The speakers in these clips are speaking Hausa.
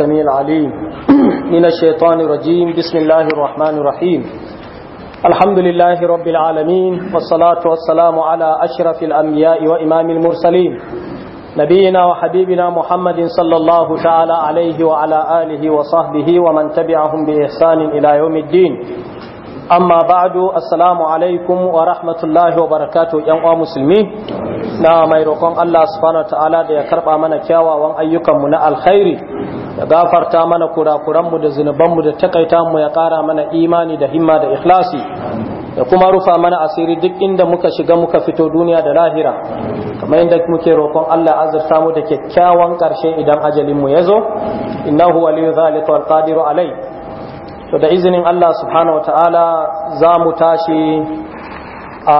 السميع العليم من الشيطان الرجيم بسم الله الرحمن الرحيم الحمد لله رب العالمين والصلاة والسلام على أشرف الأنبياء وإمام المرسلين نبينا وحبيبنا محمد صلى الله تعالى عليه وعلى آله وصحبه ومن تبعهم بإحسان إلى يوم الدين أما بعد السلام عليكم ورحمة الله وبركاته يا مسلمين na mai roƙon Allah subhanahu wa ta'ala da ya karɓa mana kyawawan ayyukanmu na alkhairi ya gafarta mana kurakuranmu da zunubanmu da takaita mu ya kara mana imani da himma da ikhlasi ya kuma rufa mana asiri duk inda muka shiga muka fito duniya da lahira kamar inda muke roƙon Allah azurta mu da kyakkyawan ƙarshe idan ajalin mu yazo innahu waliyyu zalika wal qadiru alai to da izinin Allah subhanahu ta'ala za mu tashi a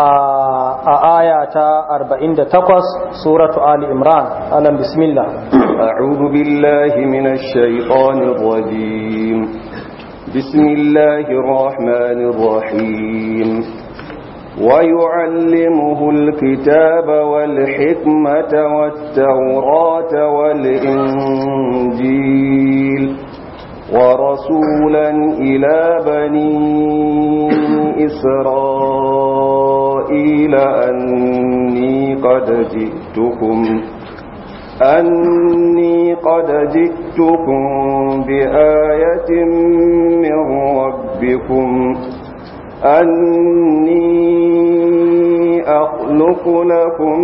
aya ta 48 suratu ali imran alam bismillah a'udhu billahi minash shaitanir rajim bismillahir rahmanir rahim wa yu'allimuhu alkitaba wal hikmata wat tawrata wal والإنجيل ورسولا إلى بني إسرائيل أني قد جئتكم أني قد جئتكم بآية من ربكم أني أخلق لكم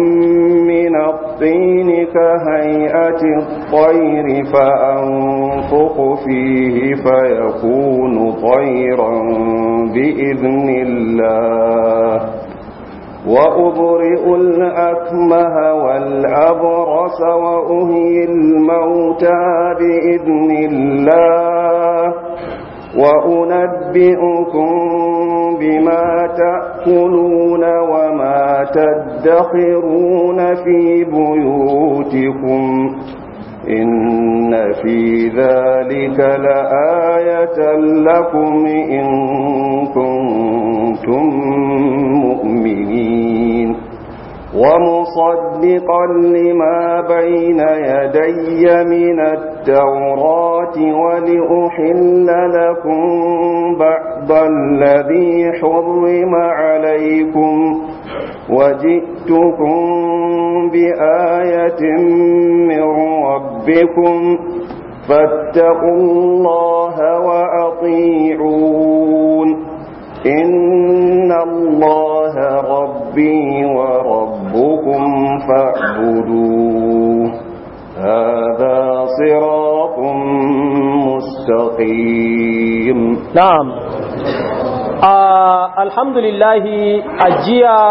من الطين كهيئة الطير فأنفق فيه فيكون طيرا بإذن الله وأبرئ الأكمه والأبرص وأهي الموتى بإذن الله وأنبئكم بما تأكلون وما تدخرون في بيوتكم إن في ذلك لآية لكم إن كنتم مؤمنين ومصدقا لما بين يدي من التوراة ولأحل لكم بعض الذي حرم عليكم وجئتكم بآية من ربكم فاتقوا الله وأطيعون إن الله رب ربي وربكم فاعبدوه هذا صراط مستقيم نعم آه الحمد لله أجيا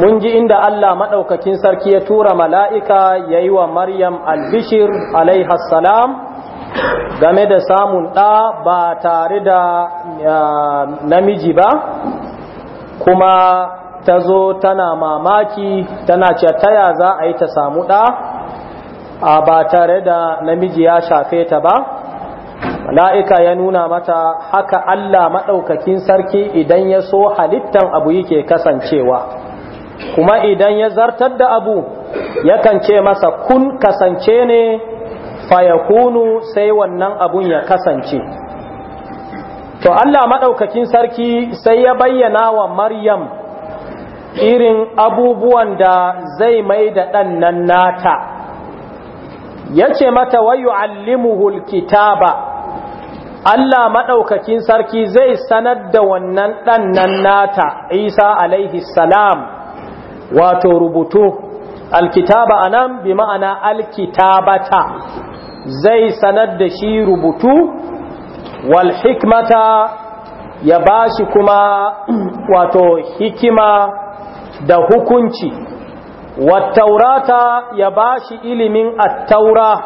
منجي إن الله مدوك كنسر كي يتور ملائكة ييوى مريم البشر عليها السلام game سامون آ ɗa ba kuma ta zo tana mamaki tana ce taya za a yi ta samu ɗa a ba tare da namiji ya shafe ta ba mala'ika ya nuna mata haka Allah maɗaukakin sarki idan ya so halittan abu yake kasancewa kuma idan ya zartar da abu yakan ce masa kun kasance ne fayakunu sai wannan abun ya kasance to Allah maɗaukakin sarki sai ya bayyana wa Maryam irin abubuwan da zai mai da ɗannan nata ya ce mata wayu allimuhul kitaba Allah maɗaukakin sarki zai sanar da wannan ɗannan nata Isa alaihi salam wato rubutu alkitaba anan bi ma'ana alkitabata zai sanar da shi rubutu Walhikmata hikmata ya bashi kuma wato hikima da hukunci wattaurata ya bashi ilimin attaura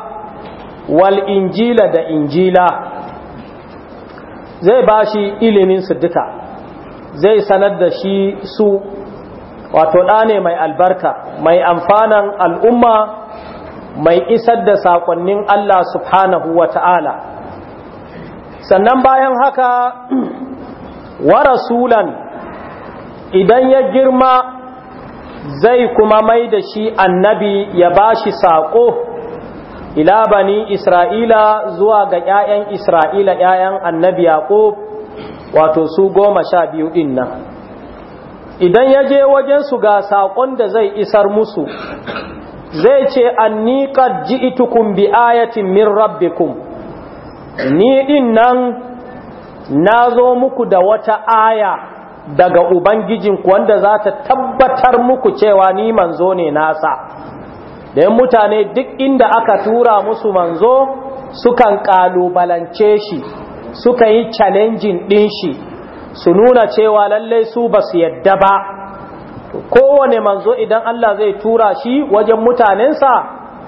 wal da injila zai bashi ilimin su duka zai sanar da shi su wato ɗane mai albarka mai amfanan al'umma mai isar da saƙonnin Allah subhanahu wa ta'ala sannan bayan haka wa rasulan idan ya girma zai kuma mai da shi annabi ya ba shi saƙo ila bani isra'ila zuwa ga ‘ya'yan isra'ila ‘ya'yan annabi yaƙo wato su goma sha biyu ɗin nan idan ya je wajensu ga saƙon da zai isar musu zai ce an anniƙar ji itukun bi ayatin min rabbikum ni din nan na zo muku da wata aya daga ubangijinku wanda za ta tabbatar muku cewa ni manzo ne nasa da mutane duk inda aka tura musu manzo sukan kalubalance shi suka yi challenging din shi su nuna cewa lallai su ba su yadda ba kowane manzo idan Allah zai tura shi wajen mutanensa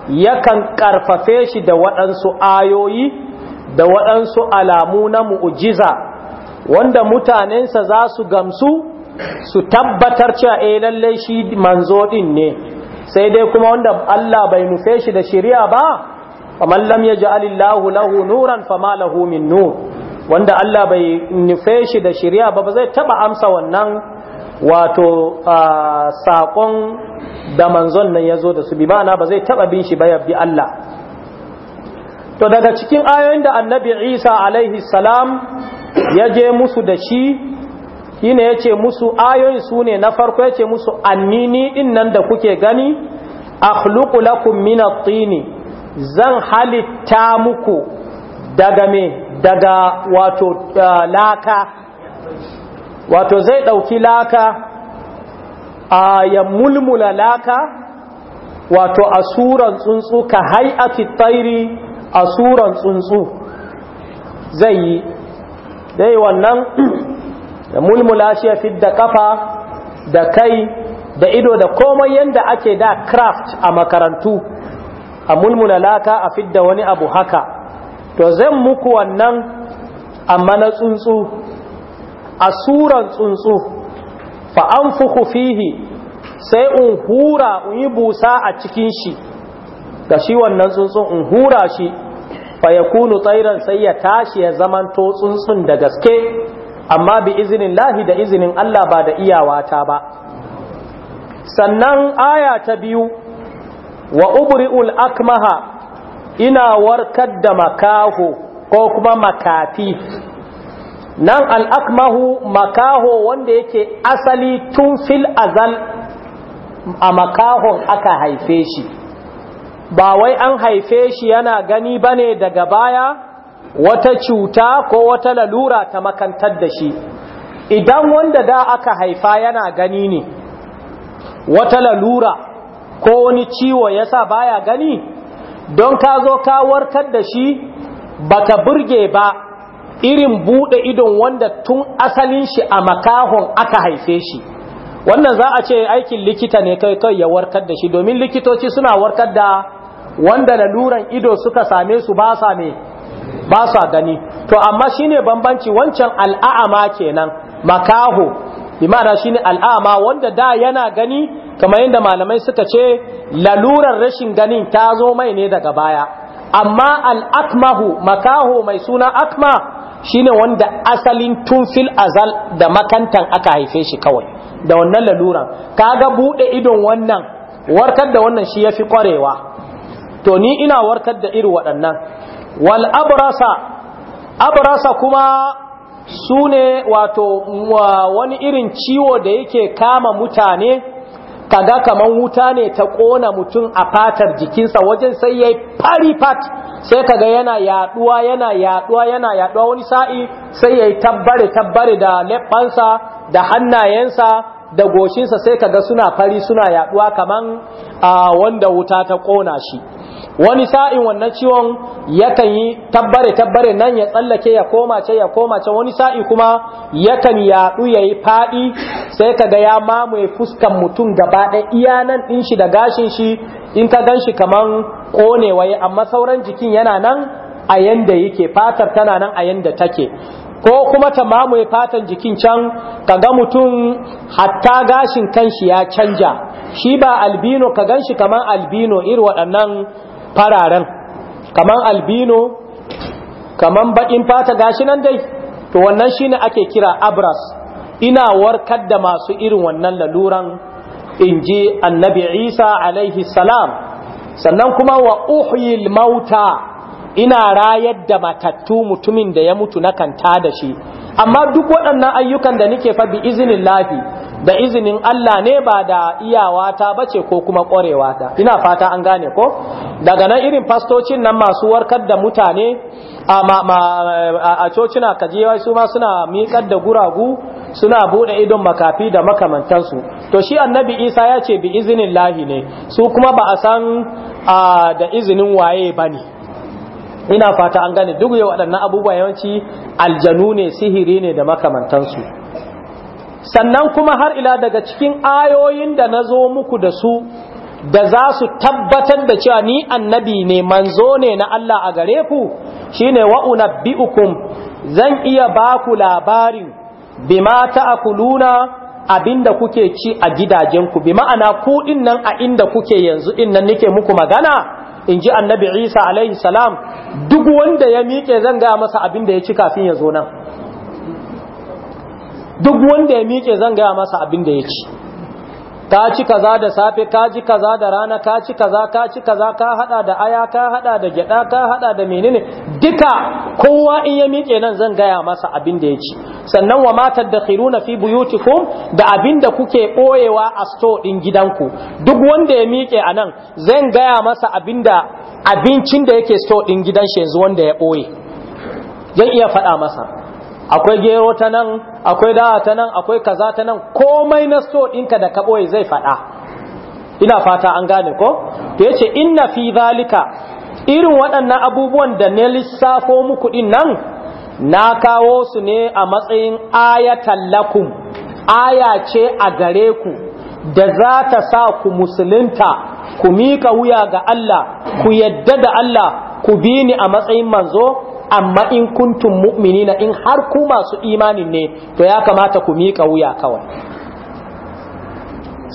yakan karfafe shi da waɗansu ayoyi da waɗansu alamu na mu'ujiza wanda mutanensa za su gamsu su tabbatar cewa eh lallai shi manzo din ne sai dai kuma wanda Allah bai nufe shi da shari'a ba faman lam yaj'alillahu lahu nuran fama lahu min nur wanda Allah bai nufe shi da shari'a ba zai taba amsa wannan wato sakon da manzon nan yazo da su bi ba ba zai taba bin shi ba yabbi Allah to daga cikin ayoyin da annabi isa alaihi salam ya je musu da shi ne ya ce musu ayoyin su ne na farko ya ce musu annini in nan da kuke gani a lakum min zan halitta muku daga me daga wato eh, laka wato zai ɗauki laka a ya mulmula laka wato a suran tsuntsu ka a tsairi a tsuntsu zai yi dai wannan da mulmula shi ya fidda kafa da kai da ido da komai yadda ake da craft a makarantu a mulmula laka a fidda wani abu haka to zan muku wannan amma na tsuntsu a suran tsuntsu fa'an fuku fihi sai in hura in yi busa a cikin shi ga shi wannan tsuntsun in hura shi fa ya kunu tsairan sai ya tashi ya zamanto tsuntsun da gaske amma bi izinin lahi da izinin Allah ba da iyawata ba sannan aya ta biyu wa ubri'ul akmaha ina warkar da makaho ko kuma makafi nan al-akmahu makaho wanda yake asali tun fil azal a makahon aka haife shi ba wai an haife shi yana gani bane daga baya wata cuta ko wata lalura ta makantar da shi idan wanda da aka haifa yana gani ne wata lalura ko wani ciwo yasa baya gani don ka zo ka warkar da shi baka burge ba irin bude idon wanda tun asalin shi a makahon aka haife shi wannan za a ce aikin likita ne kai kai ya warkar da shi domin likitoci suna warkar da wanda laluran ido suka same su ba sa me ba sa gani to amma shine bambanci wancan al'ama kenan makaho imana shine al'a'ama wanda da yana gani kamar yadda malamai suka ce laluran rashin ganin ta zo mai ne daga baya amma al'akmahu makaho mai suna akma shine wanda asalin tun fil azal da makantan aka haife shi kawai da wannan laluran kaga bude idon wannan warkar da wannan shi yafi kwarewa to ni ina warkar da iri waɗannan wal abrasa abrasa kuma su ne wato wani irin ciwo da yake kama mutane kaga kaman wuta ne ta kona mutum a fatar jikinsa wajen sai yayi fari fat sai kaga yana yaduwa yana yaduwa yana yaduwa wani sa'i sai yayi tabbare tabbare da leɓansa da hannayensa da goshinsa sai kaga suna fari suna yaduwa kaman wanda wuta ta kona shi wani sa'in wannan ciwon yakan yi tabbare tabbare nan ya tsallake ya koma ce ya koma ce wani sa'i kuma yakan yadu yayi faɗi, sai kaga ya mamaye fuskan mutum gaba ɗaya iya nan ɗin shi da gashin shi in ka gan shi kaman konewa amma sauran jikin yana nan a yanda yake fatar tana nan a yanda take ko kuma ta mamaye fatan jikin can ka ga mutum hatta gashin kanshi ya canja shi ba albino ka ganshi kaman albino irin waɗannan fararen kaman albino kaman baƙin fata gashi nan dai to wannan shi ne ake kira abras ina warkar da masu irin wannan laluran in inji annabi isa alaihi salam sannan kuma wa uhyil mauta ina rayar da matattu mutumin da ya mutu na kanta da shi amma duk waɗannan ayyukan da nike fa bi izinin lafi da izinin Allah ne ba da iyawata ba ce ko kuma ƙwarewata ina fata an gane ko daga nan irin fastocin nan masu warkar da mutane a cocina kajewa su ma suna miƙar da guragu suna buɗe idon makafi da makamantansu to shi annabi isa ya ce bi izinin lahi ne su kuma ba a san da izinin waye ba ne ina fata an gane duk yau waɗannan abubuwa yawanci aljanu ne sihiri ne da makamantansu sannan kuma har ila daga cikin ayoyin da na zo muku da su da za su tabbatar da cewa ni annabi ne manzo ne na Allah a gare ku shine wa'una unabbiukum zan iya ba ku labarin bima ta'kuluna abinda kuke ci a gidajenku bi ma'ana ku dinnan a inda kuke yanzu nan nake muku magana in ji annabi isa alaihi salam duk wanda ya miƙe zan gaya masa abin da ya ci kafin ya zo nan duk wanda ya miƙe zan gaya masa abin da ya ci ka ci kaza da safe ka ji kaza da rana ka ci kaza ka ci kaza ka hada da aya ka hada da gyada ka hada da menene duka kowa in ya miƙe nan zan gaya masa abin da ya ci sannan wa matar da khiruna fi buyutikum da abin da kuke boyewa a store din gidanku duk wanda ya miƙe a nan zan gaya masa abin da abincin da yake store din gidan shi yanzu wanda ya boye zan iya faɗa masa akwai gero ta nan akwai dawa ta nan akwai kaza ta nan komai na so ɗinka da kaɓoye zai faɗa ina fata an gane ko to yace inna fi zalika irin waɗannan abubuwan da na lissafo muku ɗin nan na kawo su ne a matsayin ayatan lakum aya ce a gare ku da za ta sa ku musulunta ku mika wuya ga Allah ku yadda da Allah ku bi ni a matsayin manzo amma in kuntum mu'minina in har ku masu imanin ne to ya kamata ku miƙa wuya kawai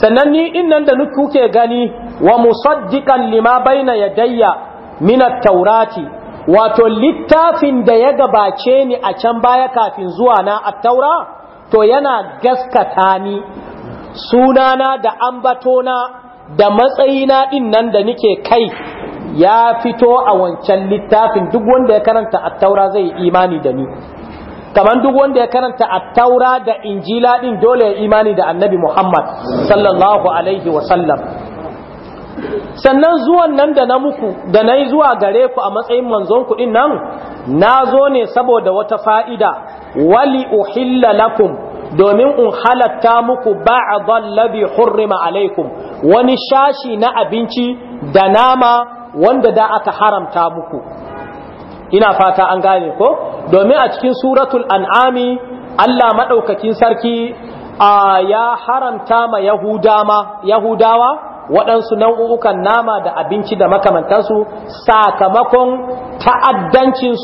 sannan ni in nan da ke gani wa musaddiqan lima baina yadayya min at-taurati wato littafin da ya gabace ni a can baya kafin zuwa na at-taura to yana gaskata ni sunana da ambatona da matsayina din nan da nike kai ya fito a wancan littafin duk wanda ya karanta attaura zai yi imani da ni kamar duk wanda ya karanta attaura da injila din dole ya imani da annabi muhammad sallallahu alaihi wasallam sannan zuwan nan da na muku da na yi zuwa gare ku a matsayin manzon kuɗin nan na zo ne saboda wata fa'ida wali uhilla lakum domin in halatta muku ba'adhan hurrima alaikum wani shashi na abinci da nama wanda da aka haramta muku ina fata an gane ko domin a cikin suratul an'ami Allah madaukakin sarki ya haramta ma yahudama yahudawa waɗansu nau'ukan nama da abinci da makamantansu sakamakon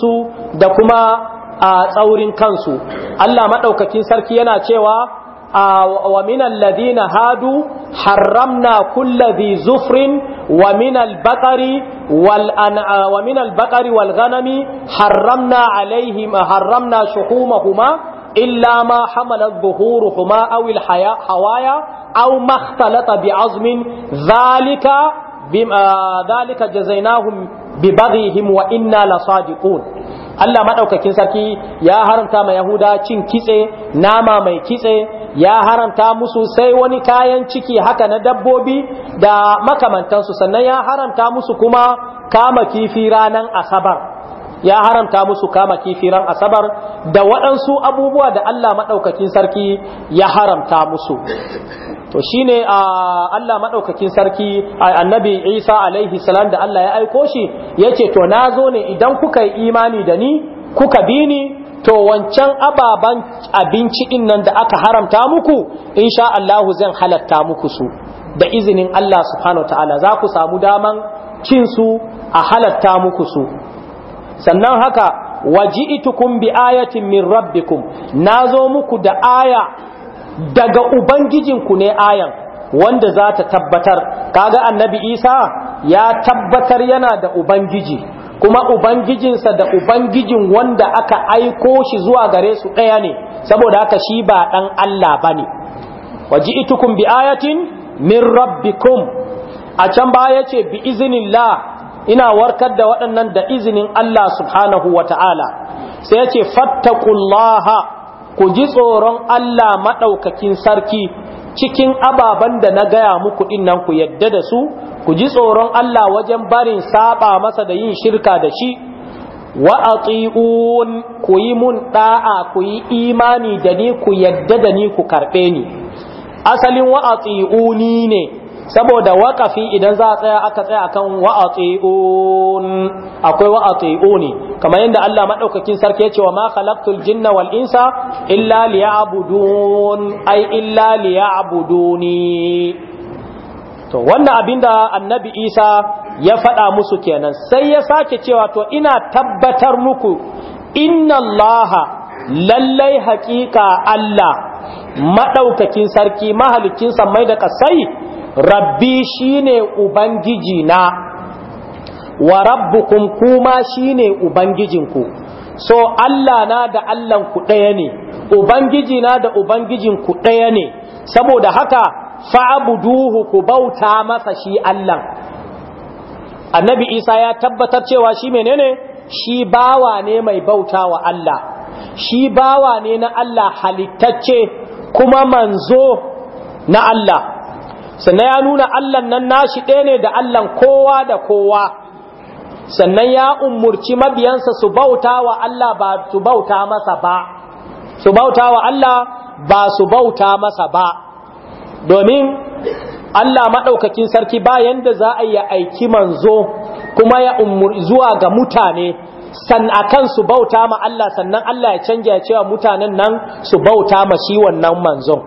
su da kuma a tsaurin kansu Allah madaukakin sarki yana cewa آه، ومن الذين هادوا حرمنا كل ذي زفر ومن البقر آه، ومن البقر والغنم حرمنا عليهم حرمنا شحومهما إلا ما حمل الظهورهما أو الحياء حوايا أو ما اختلط بعظم ذلك آه، ذلك جزيناهم ببغيهم وإنا لصادقون Allah maɗaukakin sarki ya haramta ma Yahuda cin kitse, nama mai kitse, ya haramta musu sai wani kayan ciki haka na dabbobi da makamantansu, sannan ya haramta musu kuma kama kifi ranar Asabar. Ya haramta musu kama kifi ran Asabar da waɗansu abubuwa da Allah maɗaukakin sarki ya haramta musu to shi ne a Allah maɗaukakin sarki annabi Isa alaihi salam da Allah ya aiko shi ya ce to na zo ne idan kuka yi imani da ni kuka bi ni to wancan ababen abinci din nan da aka haramta muku insha Allah zan halatta muku su da izinin Allah subhanahu ta'ala za ku samu daman cin su a halatta muku su sannan haka waji'tukum bi ayatin min rabbikum nazo muku da aya daga ubangijinku ne ayan wanda za ta tabbatar kaga annabi isa ya tabbatar yana da ubangiji kuma ubangijinsa da ubangijin wanda aka aiko shi zuwa gare su ɗaya ne saboda haka shi ba ɗan Allah ba ne waji'tukum bi ayatin min rabbikum a can baya ce bi iznillah ina warkar da waɗannan da izinin Allah subhanahu wa ta'ala sai ya ce fattakullaha ku ji tsoron Allah maɗaukakin sarki cikin ababen da na gaya muku nan ku yadda da su ku ji tsoron Allah wajen barin saba masa da yin shirka da shi wa ati'un ku yi mun ɗa'a ku yi imani da ni ku yadda da ni ku karɓe ni asalin wa ati'uni ne saboda waƙafi idan za a tsaya aka tsaya akan wa'ati'un akwai wa'ati'uni kamar yadda Allah madaukakin sarki ce wa ma khalaqtul jinna wal insa illa liya'budun ai illa liya'buduni to wannan abinda annabi Isa ya faɗa musu kenan sai ya sake cewa to ina tabbatar muku inna Allaha lallai haƙiƙa Allah madaukakin sarki mahaliccin sammai da kasai rabbi shine ubangiji na wa rabbukum kuma shine ubangijinku so Allah na da allah ku ɗaya ne ubangiji na da ubangijin ku ɗaya ne saboda haka fa'abuduhu ku bauta masa shi Allah annabi Isa ya tabbatar cewa shi menene shi bawa ne mai bauta wa Allah shi bawa ne na Allah halittacce kuma manzo na Allah sannan ya nuna allan nan nashi ɗaya ne da allan kowa da kowa sannan ya umurci mabiyansa su bauta wa allah ba su bauta masa ba su bauta wa allah ba su bauta masa ba domin allah maɗaukakin sarki ba yanda za a yi aiki manzo kuma ya umurci zuwa ga mutane san akan su bauta ma Allah sannan Allah ya canja ya cewa mutanen nan su bauta ma shi wannan manzon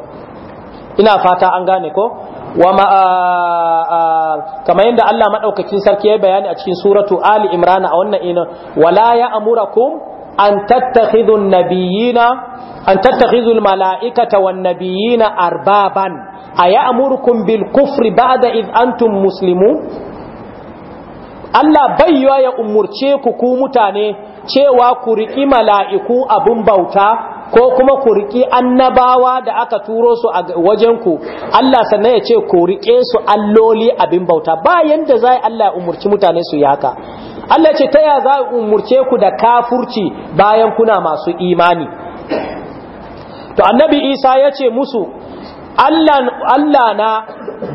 ina fata an gane ko kamar yadda Allah madaukakin sarki ya bayani a cikin suratu Ali Imran a wannan ina wala ya an tattakhidhu nabiyina an tattakhidhu almalaikata wan nabiyina arbaban aya amurukum bil kufri ba'da id antum Allah bayyawa ya umurce ku ku mutane cewa ku riƙi mala'iku abun bauta ko kuma ku riƙi annabawa da aka turo su a wajenku Allah sannan ya ce ku riƙe su alloli abin bauta bayan da za Allah ya umurci mutane su yi haka Allah ce ta ya za umurce ku da kafurci bayan kuna masu imani to annabi Isa ya ce musu Allah na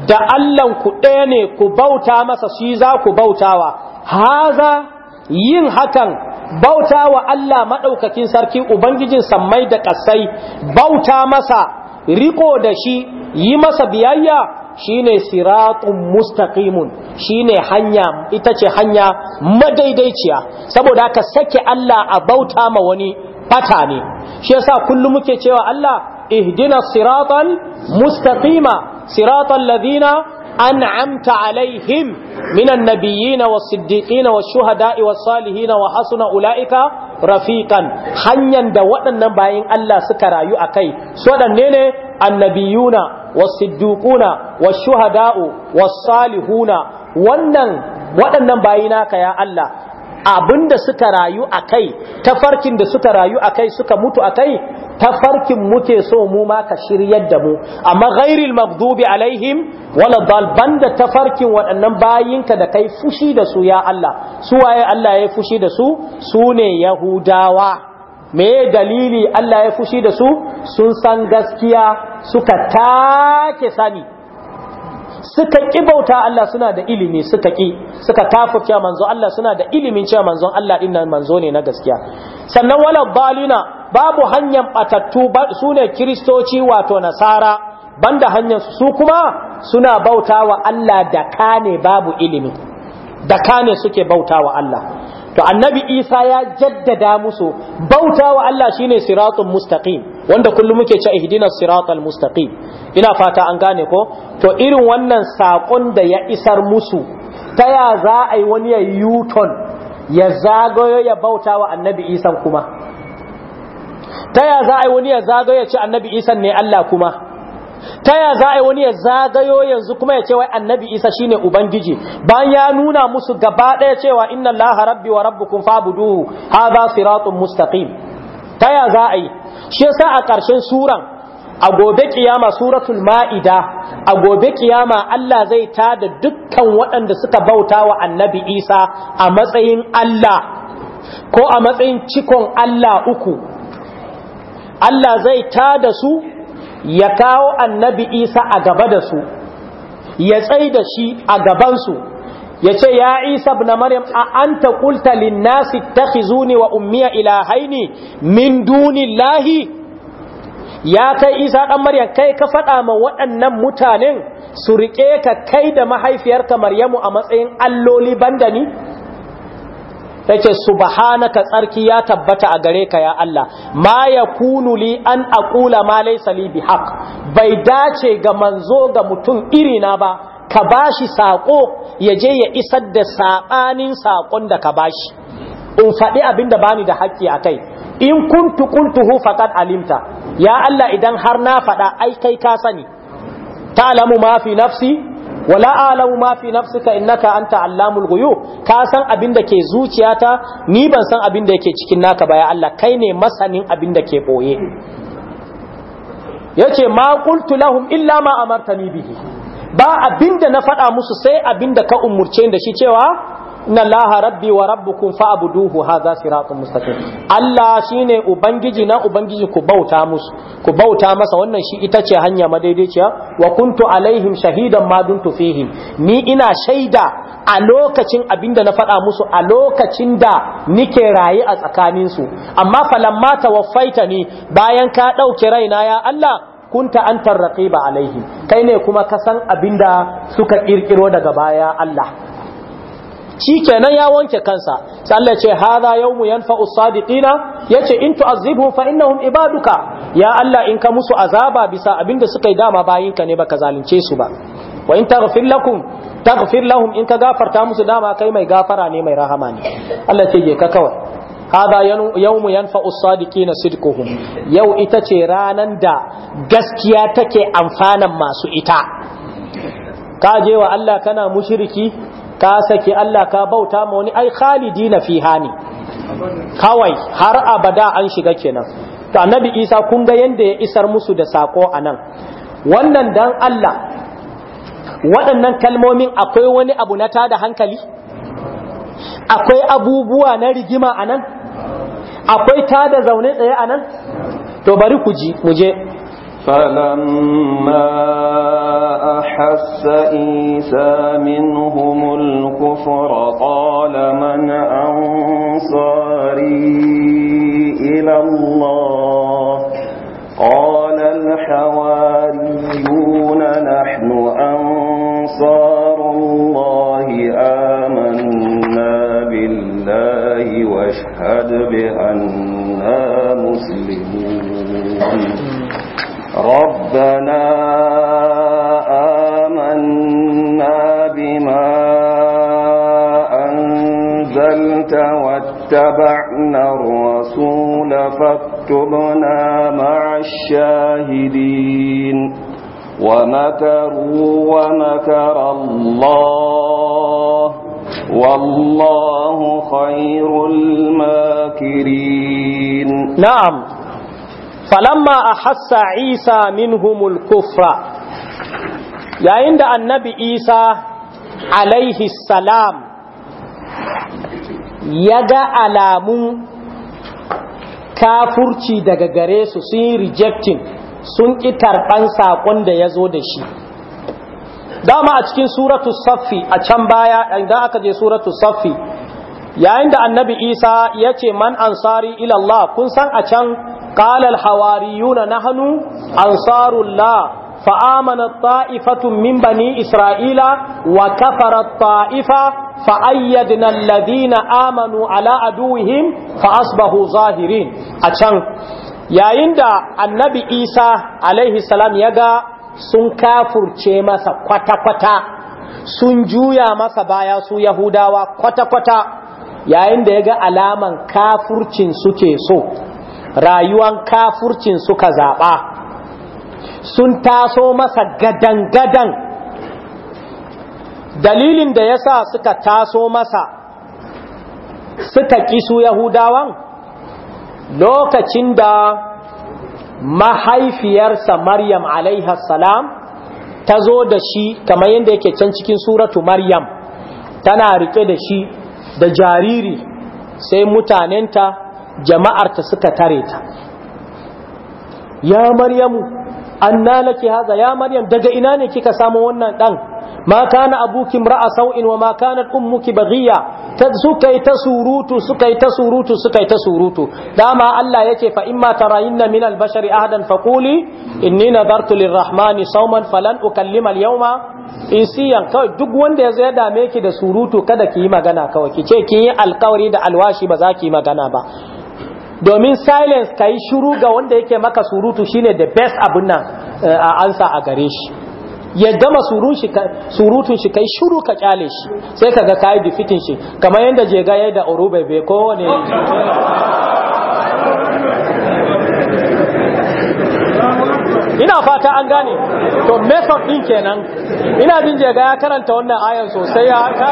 da Allahn ku ɗaya ne ku bauta masa shi za ku bautawa haza yin hakan bauta wa Allah maɗaukakin sarki Ubangijin sammai da ƙasai bauta masa riko da shi yi masa biyayya shine siratun mustaqimun shine hanya ita ce hanya madaidaiciya saboda haka sake Allah a bauta ma wani fata ne shi yasa kullum muke cewa Allah ihdina Siratun mustaqima siratal ladina an'amta alaihim minan nabiyina was-siddiqina wash-shuhada'i was-salihina wa hasuna ulaika rafiqan hanyar da waɗannan bayin Allah suka rayu akai su waɗanne ne annabiyuna was-siddiquna wash-shuhada'u was-salihuna wannan waɗannan bayina ka ya Allah da suka rayu a kai tafarkin da suka rayu a kai suka mutu a kai tafarkin muke so mu ma ka shiryar da mu amma ghairil maghdubi alaihim wala dalban da tafarkin waɗannan bayinka da kai fushi da su ya Allah su waye Allah ya fushi da su su ne yahudawa me dalili Allah ya fushi da su sun san gaskiya suka take sani suka ƙi bauta Allah suna da ilimi suka ƙi suka kafurce manzon. Allah suna da ilimin cewa manzon Allah din nan manzo ne na gaskiya sannan wala balina babu hanyar batattu su ne kiristoci wato nasara banda hanyar su kuma suna bauta wa Allah da kane babu ilimi da kane suke bauta wa Allah to annabi Isa ya jaddada musu bauta wa Allah shine siratun mustaqim wanda kullum muke ce ihdina siratal mustaqim ina fata an gane ko to irin wannan sakon da ya isar musu ta ya za a yi wani ya yuton ya zagayo ya bauta wa annabi isan kuma ta ya za a yi wani ya zagayo ya ce annabi isan ne Allah kuma ta ya za a yi wani ya zagayo yanzu kuma ya ce wai annabi isa shine ubangiji bayan ya nuna musu gaba ɗaya cewa inna allaha rabbi wa rabbukum fa'buduhu hadha siratun mustaqim ta ya za a yi shi yasa a ƙarshen suran a gobe kiyama suratul ma'ida a gobe kiyama Allah zai ta da dukkan waɗanda suka bauta wa annabi Isa a matsayin Allah ko a matsayin cikon Allah uku Allah zai ta da su ya kawo annabi Isa a gaba da su ya tsaye da shi a gabansu ya ce ya isa na maryam a an ta kulta linnasi ta wa ummiya ilahaini min dunillahi ya kai isa ɗan maryam kai ka faɗa ma waɗannan mutanen su riƙe ka kai da mahaifiyarka maryamu a matsayin alloli banda ni ta ce subhanaka tsarki ya tabbata a gare ka ya Allah ma ya kunu li an aƙula ma laysa li bihaq bai dace ga manzo ga mutum irina ba ka bashi saƙo ya je ya isar da saɓanin saƙon da ka bashi in faɗi abin da bani da haƙƙi a kai in kuntu kuntuhu faqad alimta ya Allah idan har na faɗa ai kai ka sani alamu ma fi nafsi wala a'lamu ma fi nafsika innaka anta allamul guyu ka san abin da ke zuciyata ni ban san abin da yake cikin naka ba ya Allah kai ne masanin abin da ke boye yace ma qultu lahum illa ma amartani bihi ba abinda na faɗa musu sai abinda ka umurce da shi cewa na laha rabbi wa rabbukum abuduhu hadha siratun mustaqim Allah shine ubangiji na ubangiji ku bauta musu ku bauta masa wannan shi ita ce hanya madaidaiciya wa kuntu alaihim shahidan ma duntu fihim ni ina shaida a lokacin abinda na faɗa musu a lokacin da nike raye a tsakaninsu amma falamma tawaffaitani ni bayan ka ɗauke raina ya Allah kunta antar raqiba alaihim kai ne kuma ka san abin da suka ƙirƙiro daga baya Allah kenan ya wanke kansa sai Allah yau mu yanfa yawmu yanfa'u Ya yace in tu'azibhum fa innahum ibaduka ya Allah in ka musu azaba bisa abinda suka yi dama bayinka ne baka zalunce su ba wa in taghfir lakum taghfir lahum in ka gafarta musu dama kai mai gafara ne mai rahama ne Allah ce ka kawai hada yawmu yanfa'u sadiqina sidquhum yau ita ce ranan da gaskiya take amfanan masu ita ka je wa Allah kana mushriki ka saki Allah ka bauta ma wani ai khalidina fiha ne kawai har abada an shiga kenan to annabi Isa kun ga yanda ya isar musu da sako anan wannan dan Allah waɗannan kalmomin akwai wani abu na tada hankali akwai abubuwa na rigima anan akwai tada zaune tsaye a nan to bari ku ji mu je فلما أحس إيسى منهم الكفر قال من أنصاري إلى الله قال الحواريون نحن أنصار الله آمنا بالله واشهد بأننا مسلمون ربنا آمنا بما أنزلت واتبعنا الرسول فاكتبنا مع الشاهدين ومكروا ومكر الله والله Na'am. الماكرين نعم فلما أحس عيسى منهم الكفر يا عند النبي عيسى عليه السلام yaga alamun kafurci daga gare su sun rejectin sun ƙi karɓan saƙon da ya zo da shi dama a cikin suratu saffi a can baya idan aka je suratu saffi yayin da annabi isa ya ce man ansari ilallah kun san a can kalal hawariyuna na hannu ansarullah fa’amanar ta’ifatun min bani isra’ila wa kafarar ta’ifa fa’ayyadinan ladina amanu ala’aduhim fa’asbahu zahirin a can yayin da annabi isa a.s. ya ga sun kafurce masa kwata-kwata sun juya masa baya su yahudawa kwata-kwata yayin da ya ga alaman kafurcin suke so rayuwan kafurcin suka zaɓa sun taso masa gadan-gadan dalilin da ya sa suka taso masa suka ƙi su yahudawan lokacin da mahaifiyarsa maryam alaiha salam ta zo da shi kamar yadda yake can cikin suratu maryam tana riƙe da shi da jariri sai mutanenta jama'arta suka tare ta ya maryamu anna haza ya maryam daga ina ne kika samu wannan dan ma kana abuki imra'a sau'in wa ma kanat ummuki baghiya suka yi ta surutu suka yi ta surutu suka yi ta surutu dama Allah yake fa imma tarayinna min al-bashari ahadan faquli inni nadartu lirrahmani sauman falan ukallima al in insiyan kawai duk wanda yazo ya dame ki da surutu kada ki yi magana kawai ki ce ki yi alkawari da alwashi ba za ki yi magana ba domin silence kayi shiru ga wanda yake maka surutu shine the best abun nan a ansa a gare shi ya gama surutun shi kai shuru ka kyale shi sai ka ga kayi bifitin shi kamar yadda jega ya da oru bai kowane ina fata an gane to method din kenan ina jin jega ya karanta wannan ayan sosai ya ta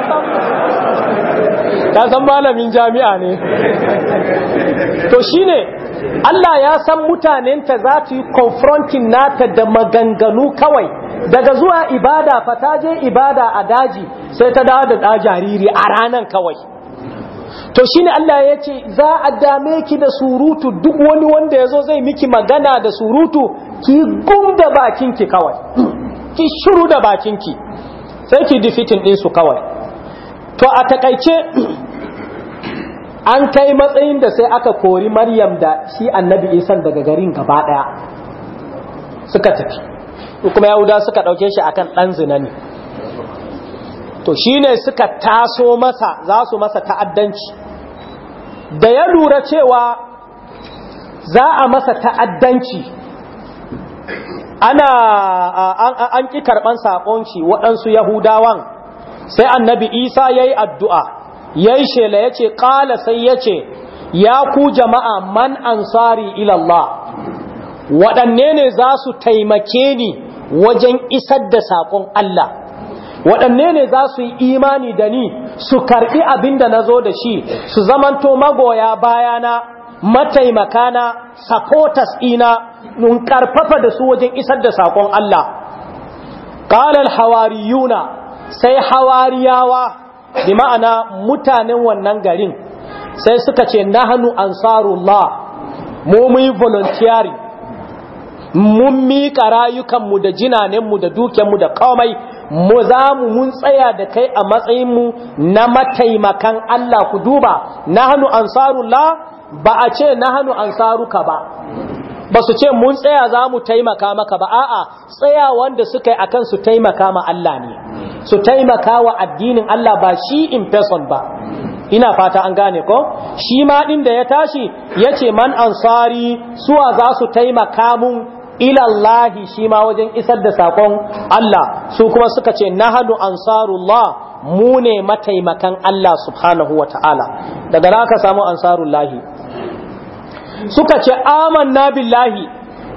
san malamin jami'a ne to shine Allah ya san mutanenta za ta yi confronting nata da maganganu kawai daga zuwa ibada fa ta je ibada a daji sai ta dawo da da jariri a ranan kawai to shine Allah ya ce za a dame ki da surutu duk wani wanda ya zo zai miki magana da surutu ki gum da bakinki kawai ki shuru da bakinki sai ki difitin ɗinsu kawai to a takaice an kai matsayin da sai aka kori maryam da shi annabi isan daga garin gaba ɗaya suka tafi kuma yahuda suka ɗauke shi akan ɗan zina ne to shine suka taso masa za su masa ta'addanci da ya lura cewa za a masa ta'addanci ana an ƙi karɓan saƙon shi waɗansu yahudawan sai annabi isa ya yi addu'a ya yi shela ya ce ƙala sai ya ce ya ku jama'a man ansari ilallah waɗanne ne za su taimake ni wajen isar da saƙon Allah waɗanne ne za su yi imani da ni su karɓi abin da na zo da shi su zamanto magoya bayana mataimakana supporters ina nun karfafa da su wajen isar da saƙon Allah ƙalar hawariyuna sai hawariyawa bi ma'ana mutanen wannan garin sai suka ce nahanu ansarullah mu muyi volunteering mun miƙa rayukanmu da jinanenmu da dukenmu da komai mu za mu mun tsaya da kai a matsayinmu na mataimakan Allah ku duba nahnu ansarullah ba a ce nahnu ansaruka ba ba su ce mun tsaya za mu taimaka maka ba a'a tsaya wanda suka yi akan su taimaka ma Allah ne su taimaka wa addinin Allah ba shi in person ba ina fata an gane ko shi ma din da ya tashi yace man ansari suwa za su taimaka mun ilallahi shi ma wajen isar da sakon Allah su kuma suka ce nahadu ansarullah mu ne mataimakan Allah subhanahu wa ta'ala daga na aka samu ansarullahi suka ce amanna billahi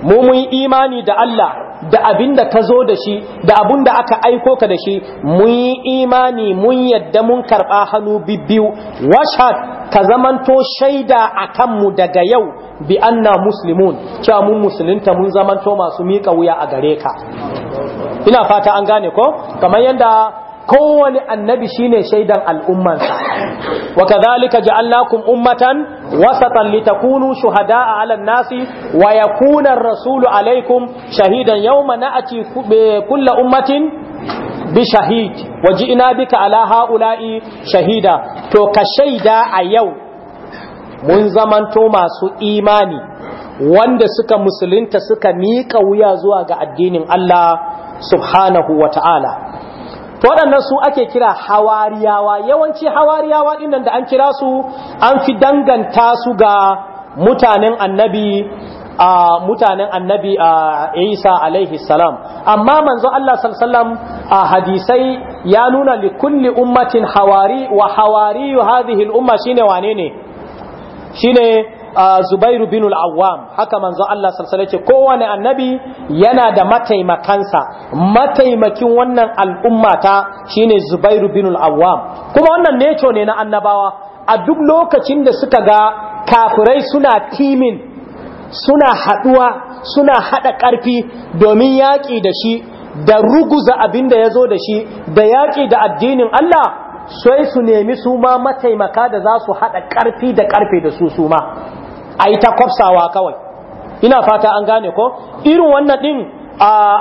mu mun imani da Allah da abin da ka zo da shi da abin da aka aiko ka da shi mun yi imani mun yadda mun karɓa hannu bibbiyu washad ka zamanto shaida a kanmu daga yau bi anna muslimun cewa mun musulunta mun zamanto masu miƙa wuya a gare ka ina fata an gane ko kamar yadda kowane annabi shine shaidan al'ummansa wa kadhalika ja'alnakum ummatan wasatan litakunu shuhada'a a an-nasi wa yakuna ar-rasulu 'alaykum shahidan yawma na'ti kullu ummatin bi shahid wa ji'na bika 'ala ha'ula'i shahida to ka shaida a yau mun zamanto masu imani wanda suka musulunta suka miƙa wuya zuwa ga addinin Allah subhanahu wa ta'ala to waɗannan su ake kira hawariyawa yawanci hawariyawa ɗinnan da an kira su an fi danganta su ga mutanen annabi a mutanen annabi a isa alaihi salam amma manzo Allah sallallahu a hadisai ya nuna li kulli ummatin hawari wa hawari hadhihi al-umma shine wane ne shine Zubairu bin al-Awwam haka manzon Allah sallallahu alaihi kowane annabi yana da mataimakansa mataimakin wannan al'ummata shine Zubairu bin al-Awwam kuma wannan neco ne na annabawa a duk lokacin da suka ga kafirai suna timin suna haduwa suna hada karfi domin yaƙi da shi da ruguza abinda da yazo da shi da yaƙi da addinin Allah sai su nemi su ma mataimaka da za su haɗa ƙarfi da ƙarfe da su su ma a ta kwafsawa kawai ina fata an gane ko irin wannan din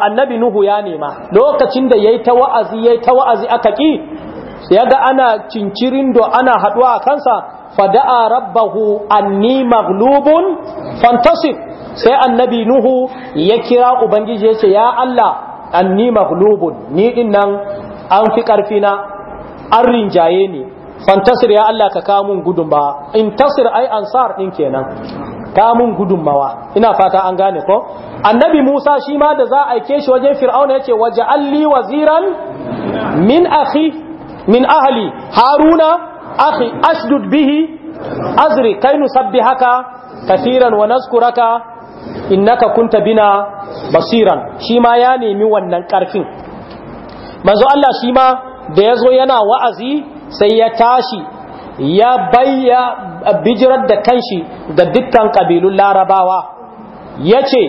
annabi nuhu ya nema lokacin da ya ta wa'azi ya ta wa'azi aka ki ya ga ana cincirin do ana haduwa a kansa fada'a rabbahu anni maghlubun fantasif sai annabi nuhu ya kira ubangiji ya ce ya Allah anni maghlubun ni din nan an fi ƙarfina an rinjaye ni fantasir ya Allah ka kamun gudunmawa in tasir ai ansar din kenan kamun gudunmawa ina fata an gane ko annabi Musa shi ma da za a aike shi wajen fir'auna yace waje alli waziran min akhi min ahli haruna akhi ashdud bihi azri kai nusabbihaka kathiran wa nazkuraka innaka kunta bina basiran shi ma ya nemi wannan karfin manzo Allah shi ma da yazo yana wa'azi sai ya tashi ya bayya bijirar da kanshi ga dukkan kabilun larabawa ya ce